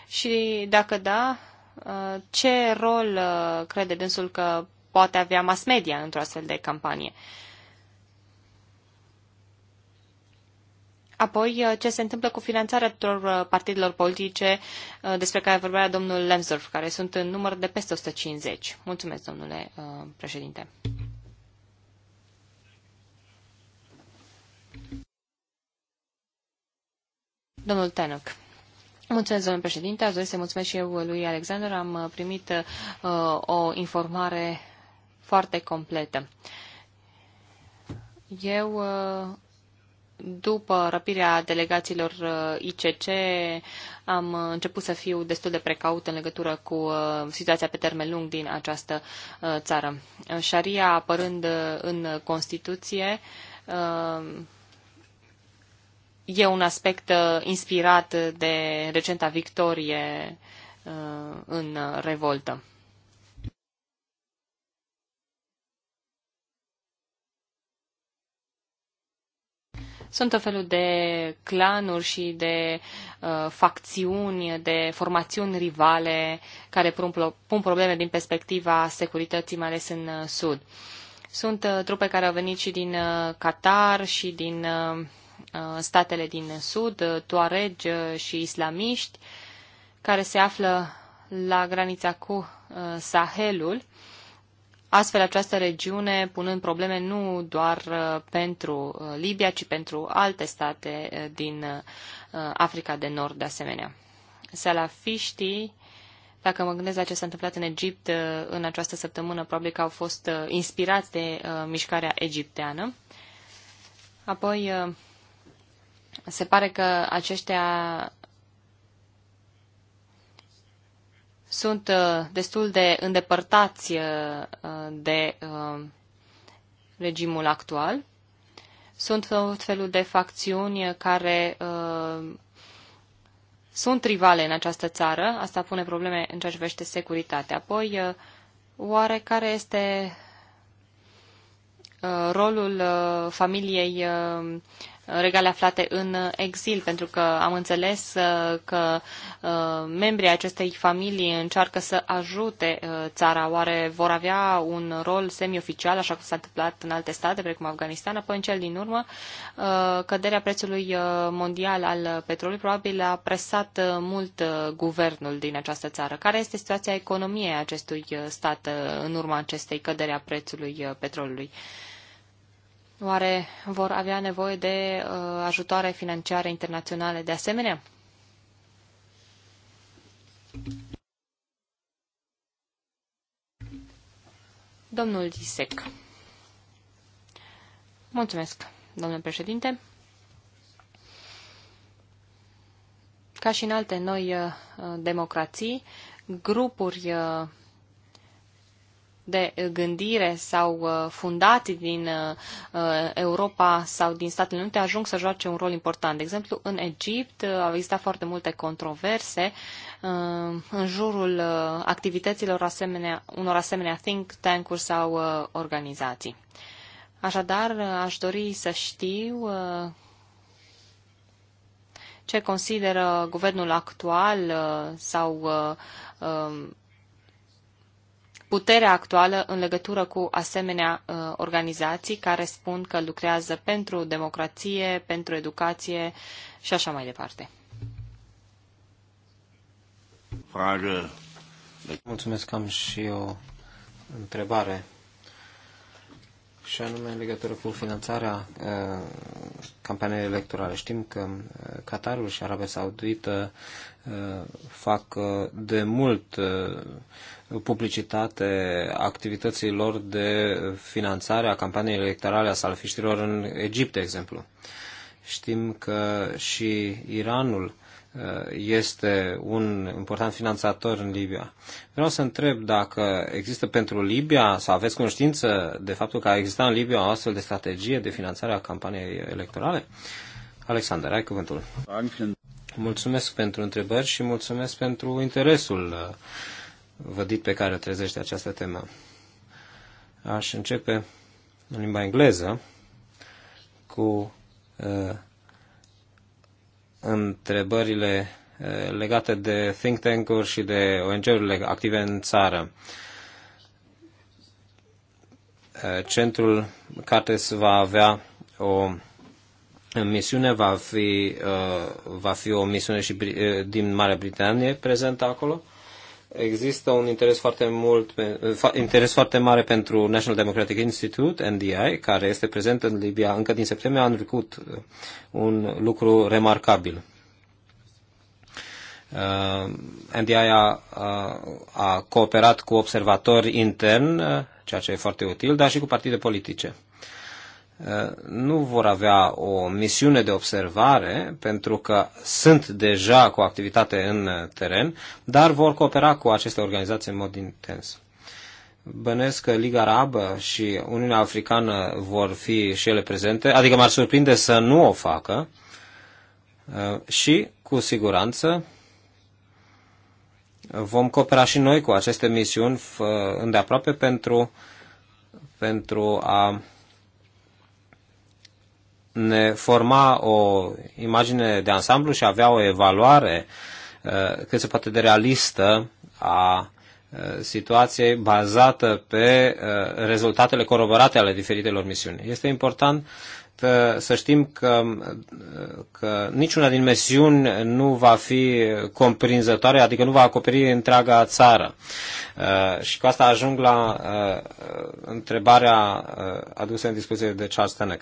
Și dacă da, Uh, ce rol uh, crede dânsul că poate avea mass media într-o astfel de campanie? Apoi, uh, ce se întâmplă cu finanțarea tuturor partidelor politice despre care vorbea domnul Lemsdorf, care sunt în număr de peste 150? Mulțumesc, domnule președinte. Domnul Tenoc. Mulțumesc, domnule președinte. Aș dori să mulțumesc și eu lui Alexander. Am uh, primit uh, o informare foarte completă. Eu uh după răpirea delegațiilor uh, ICC am uh, început să fiu destul de precaut în legătură cu situația pe termen lung din această țară. Sharia apărând în Constituție e un aspect uh, inspirat de recenta victorie uh, în revoltă. Sunt o felul de clanuri și de uh, facțiuni, de formațiuni rivale care pun, pun probleme din perspectiva securității, mai ales în uh, sud. Sunt uh, trupe care au venit și din uh, Qatar și din uh, Uh, statele din sud, uh, toaregi uh, și islamiști, care se află la granița cu Sahelul. Astfel, această regiune punând probleme nu doar pentru Libia, ci pentru alte state din Africa de Nord, de asemenea. Salafiștii dacă mă gândesc la ce s-a întâmplat în Egipt în această săptămână, probabil că au fost inspirați de mișcarea egipteană. Apoi, se pare că aceștia sunt uh, destul de îndepărtați uh, de uh, regimul actual. Sunt tot felul de facțiuni care sunt rivale în această țară. Asta pune probleme în ceea ce privește securitatea. Apoi, oare care este rolul familiei regale aflate în uh, exil, pentru că am înțeles uh, că uh, membrii acestei familii încearcă să ajute țara. Oare vor avea un rol semioficial, așa cum s-a întâmplat în alte state, precum Afganistan, apoi în cel din urmă căderea prețului mondial al petrolului probabil a presat mult guvernul din această țară. Care este situația economiei acestui stat în urma acestei căderi a prețului petrolului? Oare vor avea nevoie de uh, ajutoare financiare internaționale de asemenea? Domnul Disec. Mulțumesc, domnule președinte. Ca și în alte noi uh, democrații, grupuri uh, de gândire sau uh, fundați din uh, uh, Europa sau din Statele Unite ajung să joace un rol important. De exemplu, în Egipt au existat foarte multe controverse în jurul activităților asemenea, unor asemenea think tank-uri sau organizații. Așadar, aș dori să știu ce consideră guvernul actual sau um, puterea actuală în legătură cu asemenea uh, organizații care spun că lucrează pentru democrație, pentru educație și așa mai departe. Frage. Mulțumesc, am și o întrebare și anume în legătură cu finanțarea uh, campaniei electorale. Știm că uh, Qatarul și Arabia Saudită uh, fac de mult publicitate activității lor de finanțare a campaniei electorale a salafiștilor în Egipt, de exemplu. Știm că și Iranul uh, este un important finanțator în Libia. Vreau să întreb dacă există pentru Libia, sau aveți conștiință de faptul că a existat în Libia o astfel de strategie de finanțare a campaniei electorale? Alexander, ai cuvântul. Mulțumesc pentru întrebări și mulțumesc pentru interesul uh, vădit pe care trezește această temă. Aș începe în limba engleză cu Uh, întrebările uh, legate de think tank-uri și de ONG-urile active în țară. Uh, centrul CATES va avea o misiune, va fi, va fi o misiune și din Marea Britanie prezentă acolo Există un interes foarte, mult, interes foarte mare pentru National Democratic Institute, NDI, care este prezent în Libia încă din septembrie anul trecut. Un lucru remarcabil. Uh, NDI a, a, uh, a cooperat cu observatori intern, uh, ceea ce e foarte util, dar și cu partide politice nu vor avea o misiune de observare, pentru că sunt deja cu activitate în teren, dar vor coopera cu aceste organizații în mod intens. Bănesc că Liga Arabă și Uniunea Africană vor fi și ele prezente, adică m-ar surprinde să nu o facă uh, și, cu siguranță, vom coopera și noi cu aceste misiuni îndeaproape pentru, pentru a ne forma o imagine de ansamblu și avea o evaluare uh, cât se poate de realistă a uh, situației bazată pe uh, rezultatele coroborate ale diferitelor misiuni. Este important să știm că, că niciuna din misiuni nu va fi comprinzătoare, adică nu va acoperi întreaga țară. Și cu asta ajung la întrebarea adusă în discuție de Charles Tenek.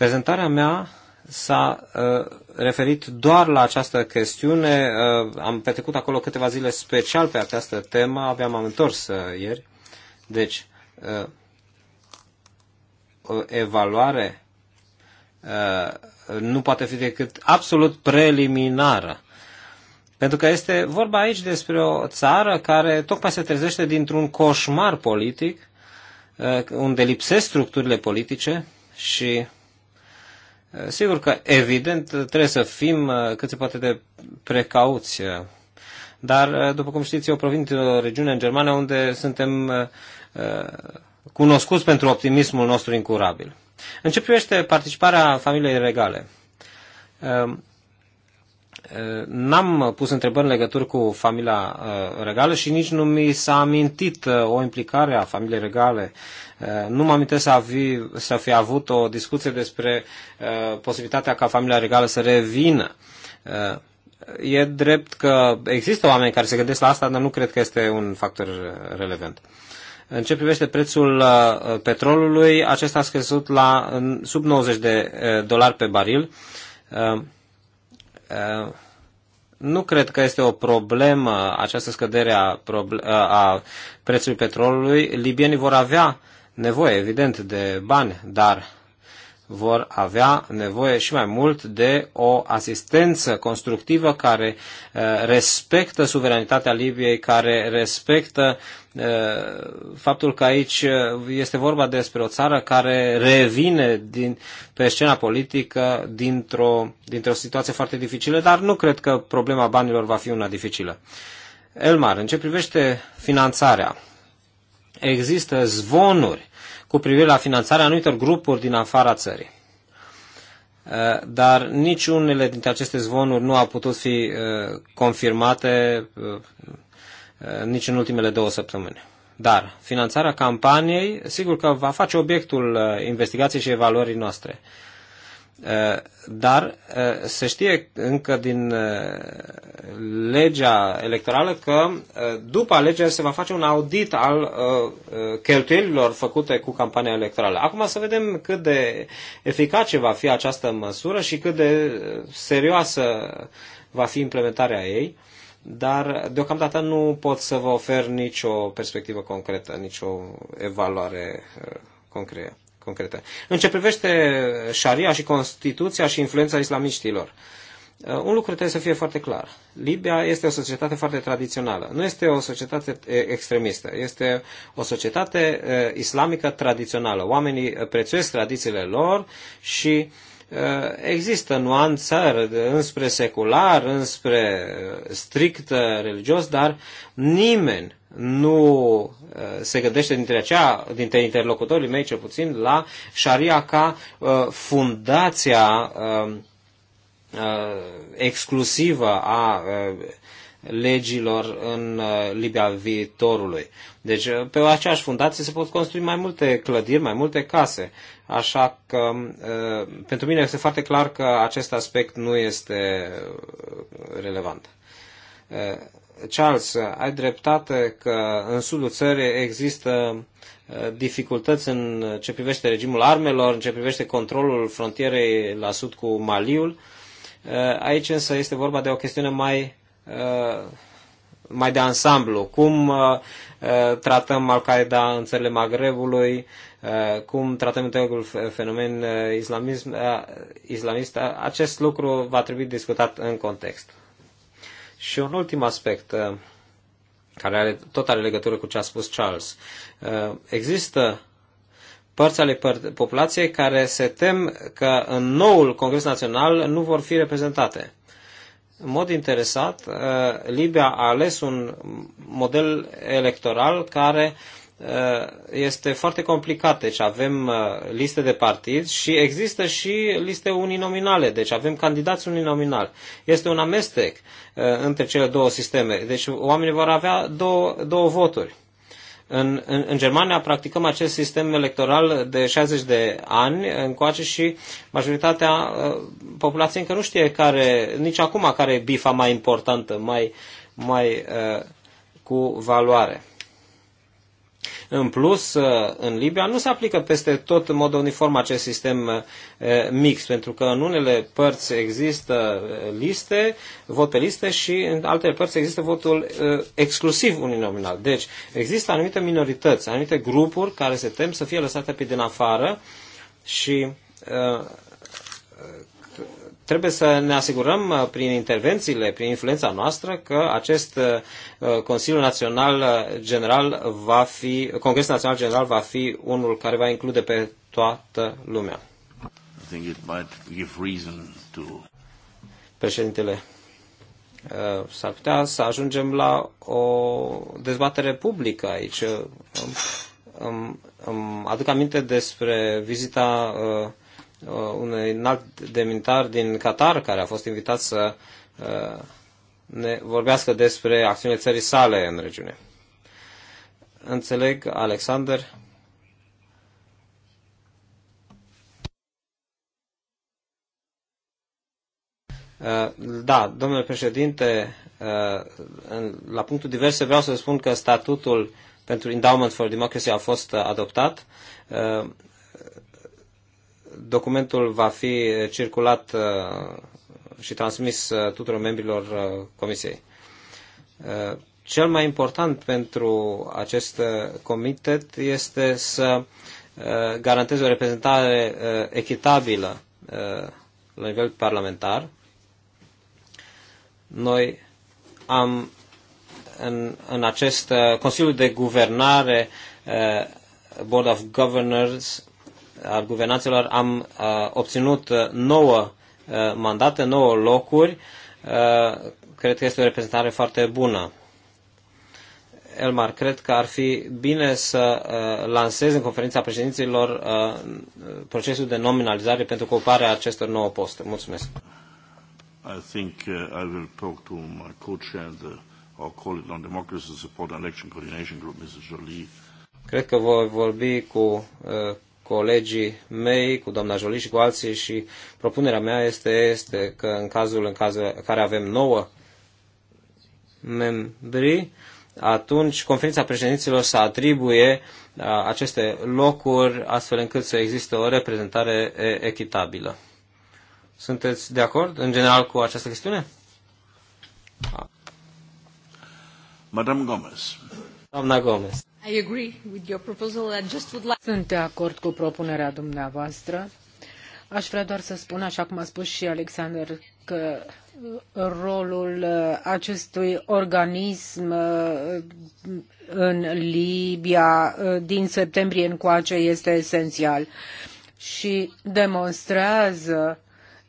Prezentarea mea s-a uh, referit doar la această chestiune. Uh, am petrecut acolo câteva zile special pe această temă, abia m-am întors uh, ieri. Deci, uh, evaluare uh, nu poate fi decât absolut preliminară. Pentru că este vorba aici despre o țară care tocmai se trezește dintr-un coșmar politic, uh, unde lipsesc structurile politice și Sigur că, evident, trebuie să fim uh, cât se poate de precauți, uh, dar, uh, după cum știți, eu provin din o regiune în Germania unde suntem cunoscuți pentru optimismul nostru incurabil. În ce privește participarea familiei regale, Eh, n-am pus întrebări în legătură cu familia eh, regală și nici nu mi s-a amintit eh, o implicare a familiei regale. Nu mă amintesc să, avi, să fi avut o discuție despre posibilitatea ca familia regală să revină. E drept că există oameni care se gândesc la asta, dar nu cred că este un factor relevant. În ce privește prețul petrolului, acesta a scăzut la sub 90 de dolari pe baril nu cred că este o problemă această scădere a, a prețului petrolului. Libienii vor avea nevoie, evident, de bani, dar vor avea nevoie și mai mult de o asistență constructivă care eh, respectă suveranitatea Libiei, care respectă Eh, faptul că aici eh, este vorba despre o țară care revine din, pe scena politică dintr-o, dintr-o situație foarte dificilă, dar nu cred că problema banilor va fi una dificilă. Elmar, în ce privește finanțarea, există zvonuri cu privire la finanțarea anumitor grupuri din afara țării. Eh, dar niciunele dintre aceste zvonuri nu au putut fi confirmate Eh, nici în ultimele două săptămâni. Dar finanțarea campaniei, sigur că va face obiectul eh, investigației și evaluării noastre. Eh, dar se știe încă din legea electorală că după alegeri se va face un audit al cheltuielilor făcute cu campania electorală. Acum să vedem cât de eficace va fi această măsură și cât de serioasă va fi implementarea ei dar deocamdată nu pot să vă ofer nicio perspectivă concretă, nicio evaluare uh, concretă. concretă. În ce privește șaria și Constituția și influența islamiștilor, uh, un lucru trebuie să fie foarte clar. Libia este o societate foarte tradițională. Nu este o societate extremistă. Este o societate uh, islamică tradițională. Oamenii prețuiesc tradițiile lor și uh, Eh, există nuanțări înspre secular, înspre eh, strict eh, religios, dar nimeni nu se gândește dintre, acea, dintre interlocutorii mei, cel puțin, la șaria ca fundația exclusivă a legilor în uh, Libia viitorului. Deci uh, pe aceeași fundație se pot construi mai multe clădiri, mai multe case. Așa că uh, pentru mine este foarte clar că acest aspect nu este relevant. Charles, ai dreptate că în sudul țării există dificultăți în ce privește regimul armelor, în ce privește controlul frontierei la sud cu Maliul. Aici însă este vorba de o chestiune mai Uh, mai de ansamblu, cum uh, uh, tratăm Al-Qaeda în țările Maghrebului, cum tratăm întregul fenomen islamism, islamist, acest lucru va trebui discutat în context. Și un ultim aspect care are, tot are legătură cu ce a spus Charles. Există părți ale populației care se tem că în noul Congres Național nu vor fi reprezentate în mod interesat, uh, Libia a ales un model electoral care uh, este foarte complicat. Deci avem uh, liste de partid și există și liste uninominale. Deci avem candidați uninominali. Este un amestec între cele două sisteme. Deci oamenii vor avea două, două voturi. În, în, în Germania practicăm acest sistem electoral de 60 de ani încoace și majoritatea uh, populației încă nu știe care, nici acum care e bifa mai importantă, mai, mai uh, cu valoare. În plus, uh, în Libia nu se aplică peste tot în mod uniform acest sistem uh, mix, pentru că în unele părți există uh, liste, vot pe liste și în alte părți există votul exclusiv uninominal. Deci există anumite minorități, anumite grupuri care se tem să fie lăsate pe din afară și trebuie să ne asigurăm uh, prin intervențiile, prin influența noastră, că acest uh, Consiliu Național General va fi, Congresul Național General va fi unul care va include pe toată lumea. To... Președintele, uh, s-ar putea să ajungem la o dezbatere publică aici. Îmi aduc aminte despre vizita uh, Uh, un înalt demnitar din Qatar care a fost invitat să uh, ne vorbească despre acțiunile țării sale în regiune. Înțeleg, Alexander, uh, Da, domnule președinte, la punctul diverse vreau să spun că statutul pentru Endowment for Democracy a fost adoptat. Documentul va fi circulat uh, și transmis uh, tuturor membrilor uh, comisiei. Cel mai important pentru acest comitet este să garanteze o reprezentare echitabilă la nivel parlamentar. Noi am în, în acest Consiliu de Guvernare, Board of Governors, al guvernanților am uh, obținut uh, nouă uh, mandate, nouă locuri. Uh, Cred că este o reprezentare foarte bună. Elmar, cred că ar fi bine să uh, lansezi în conferința președinților uh, procesul de nominalizare pentru ocuparea acestor nouă poste. Mulțumesc. I think uh, I will talk to my co-chair, and the, our colleague on democracy support and election coordination group, Mrs. Jolie. Cred că voi vorbi cu uh, colegii mei, cu doamna Jolie și cu alții și propunerea mea este, este că în cazul în cazul care avem nouă membri, atunci conferința președinților să atribuie aceste locuri astfel încât să existe o reprezentare echitabilă. Sunteți de acord în general cu această chestiune? Madame Gomez. Doamna Gomez. Sunt de acord cu propunerea dumneavoastră. Aș vrea doar să spun, așa cum a spus și Alexander, că uh, rolul uh, acestui organism uh, în Libia din septembrie încoace este esențial și demonstrează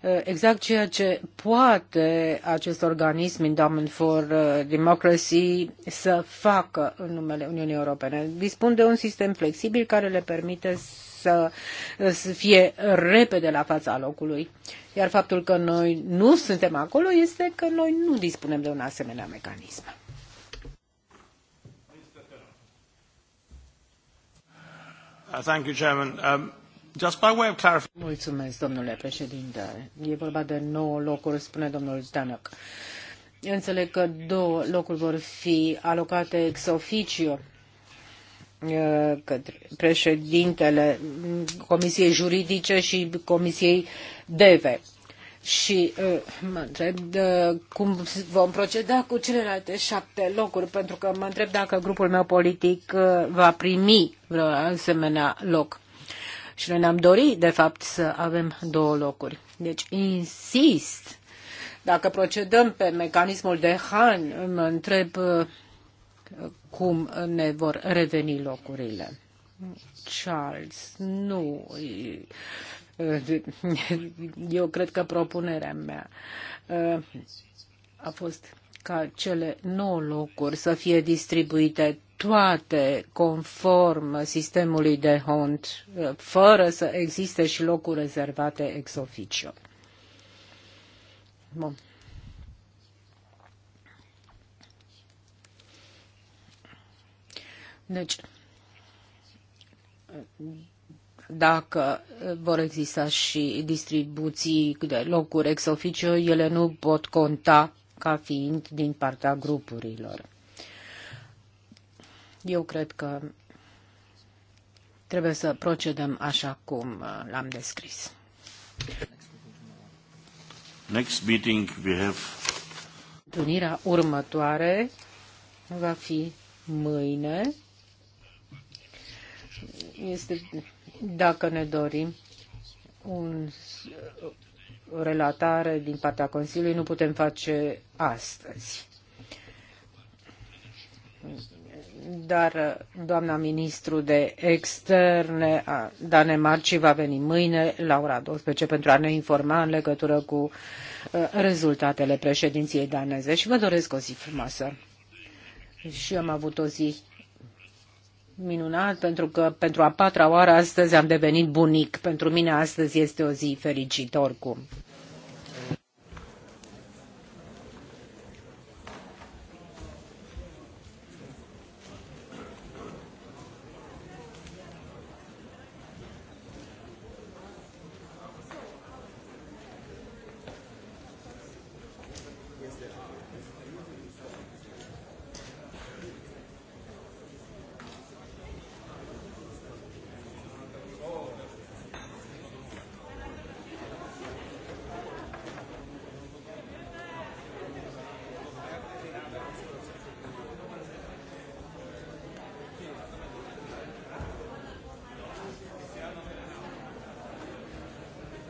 Uh, exact ceea ce poate acest organism Endowment for uh, Democracy să facă în numele Uniunii Europene. Dispun de un sistem flexibil care le permite să, uh, să fie repede la fața locului. Iar faptul că noi nu suntem acolo este că noi nu dispunem de un asemenea mecanism. Thank you, Chairman. Um... Just by way of Mulțumesc, domnule președinte. E vorba de nouă locuri, spune domnul Zdanăc. Înțeleg că două locuri vor fi alocate ex officio uh, către președintele Comisiei Juridice și Comisiei DEVE. Și uh, mă întreb uh, cum vom proceda cu celelalte șapte locuri, pentru că mă întreb dacă grupul meu politic va primi vreo asemenea loc. Și noi ne-am dorit, de fapt, să avem două locuri. Deci, insist, dacă procedăm pe mecanismul de Han, mă întreb uh, cum ne vor reveni locurile. Charles, nu. Uh, *laughs* eu cred că propunerea mea uh, a fost ca cele nouă locuri să fie distribuite toate conform sistemului de HONT, fără să existe și locuri rezervate ex officio. Bun. Deci, dacă vor exista și distribuții de locuri ex officio, ele nu pot conta ca fiind din partea grupurilor. Eu cred că trebuie să procedăm așa cum uh, l-am descris. Next meeting we have... Întâlnirea următoare va fi mâine. Este, dacă ne dorim, un, relatare din partea Consiliului nu putem face astăzi. Dar doamna ministru de externe a Danemarcii va veni mâine la ora 12 pentru a ne informa în legătură cu rezultatele președinției daneze și vă doresc o zi frumoasă. Și eu am avut o zi minunat pentru că pentru a patra oară astăzi am devenit bunic. Pentru mine astăzi este o zi fericită oricum.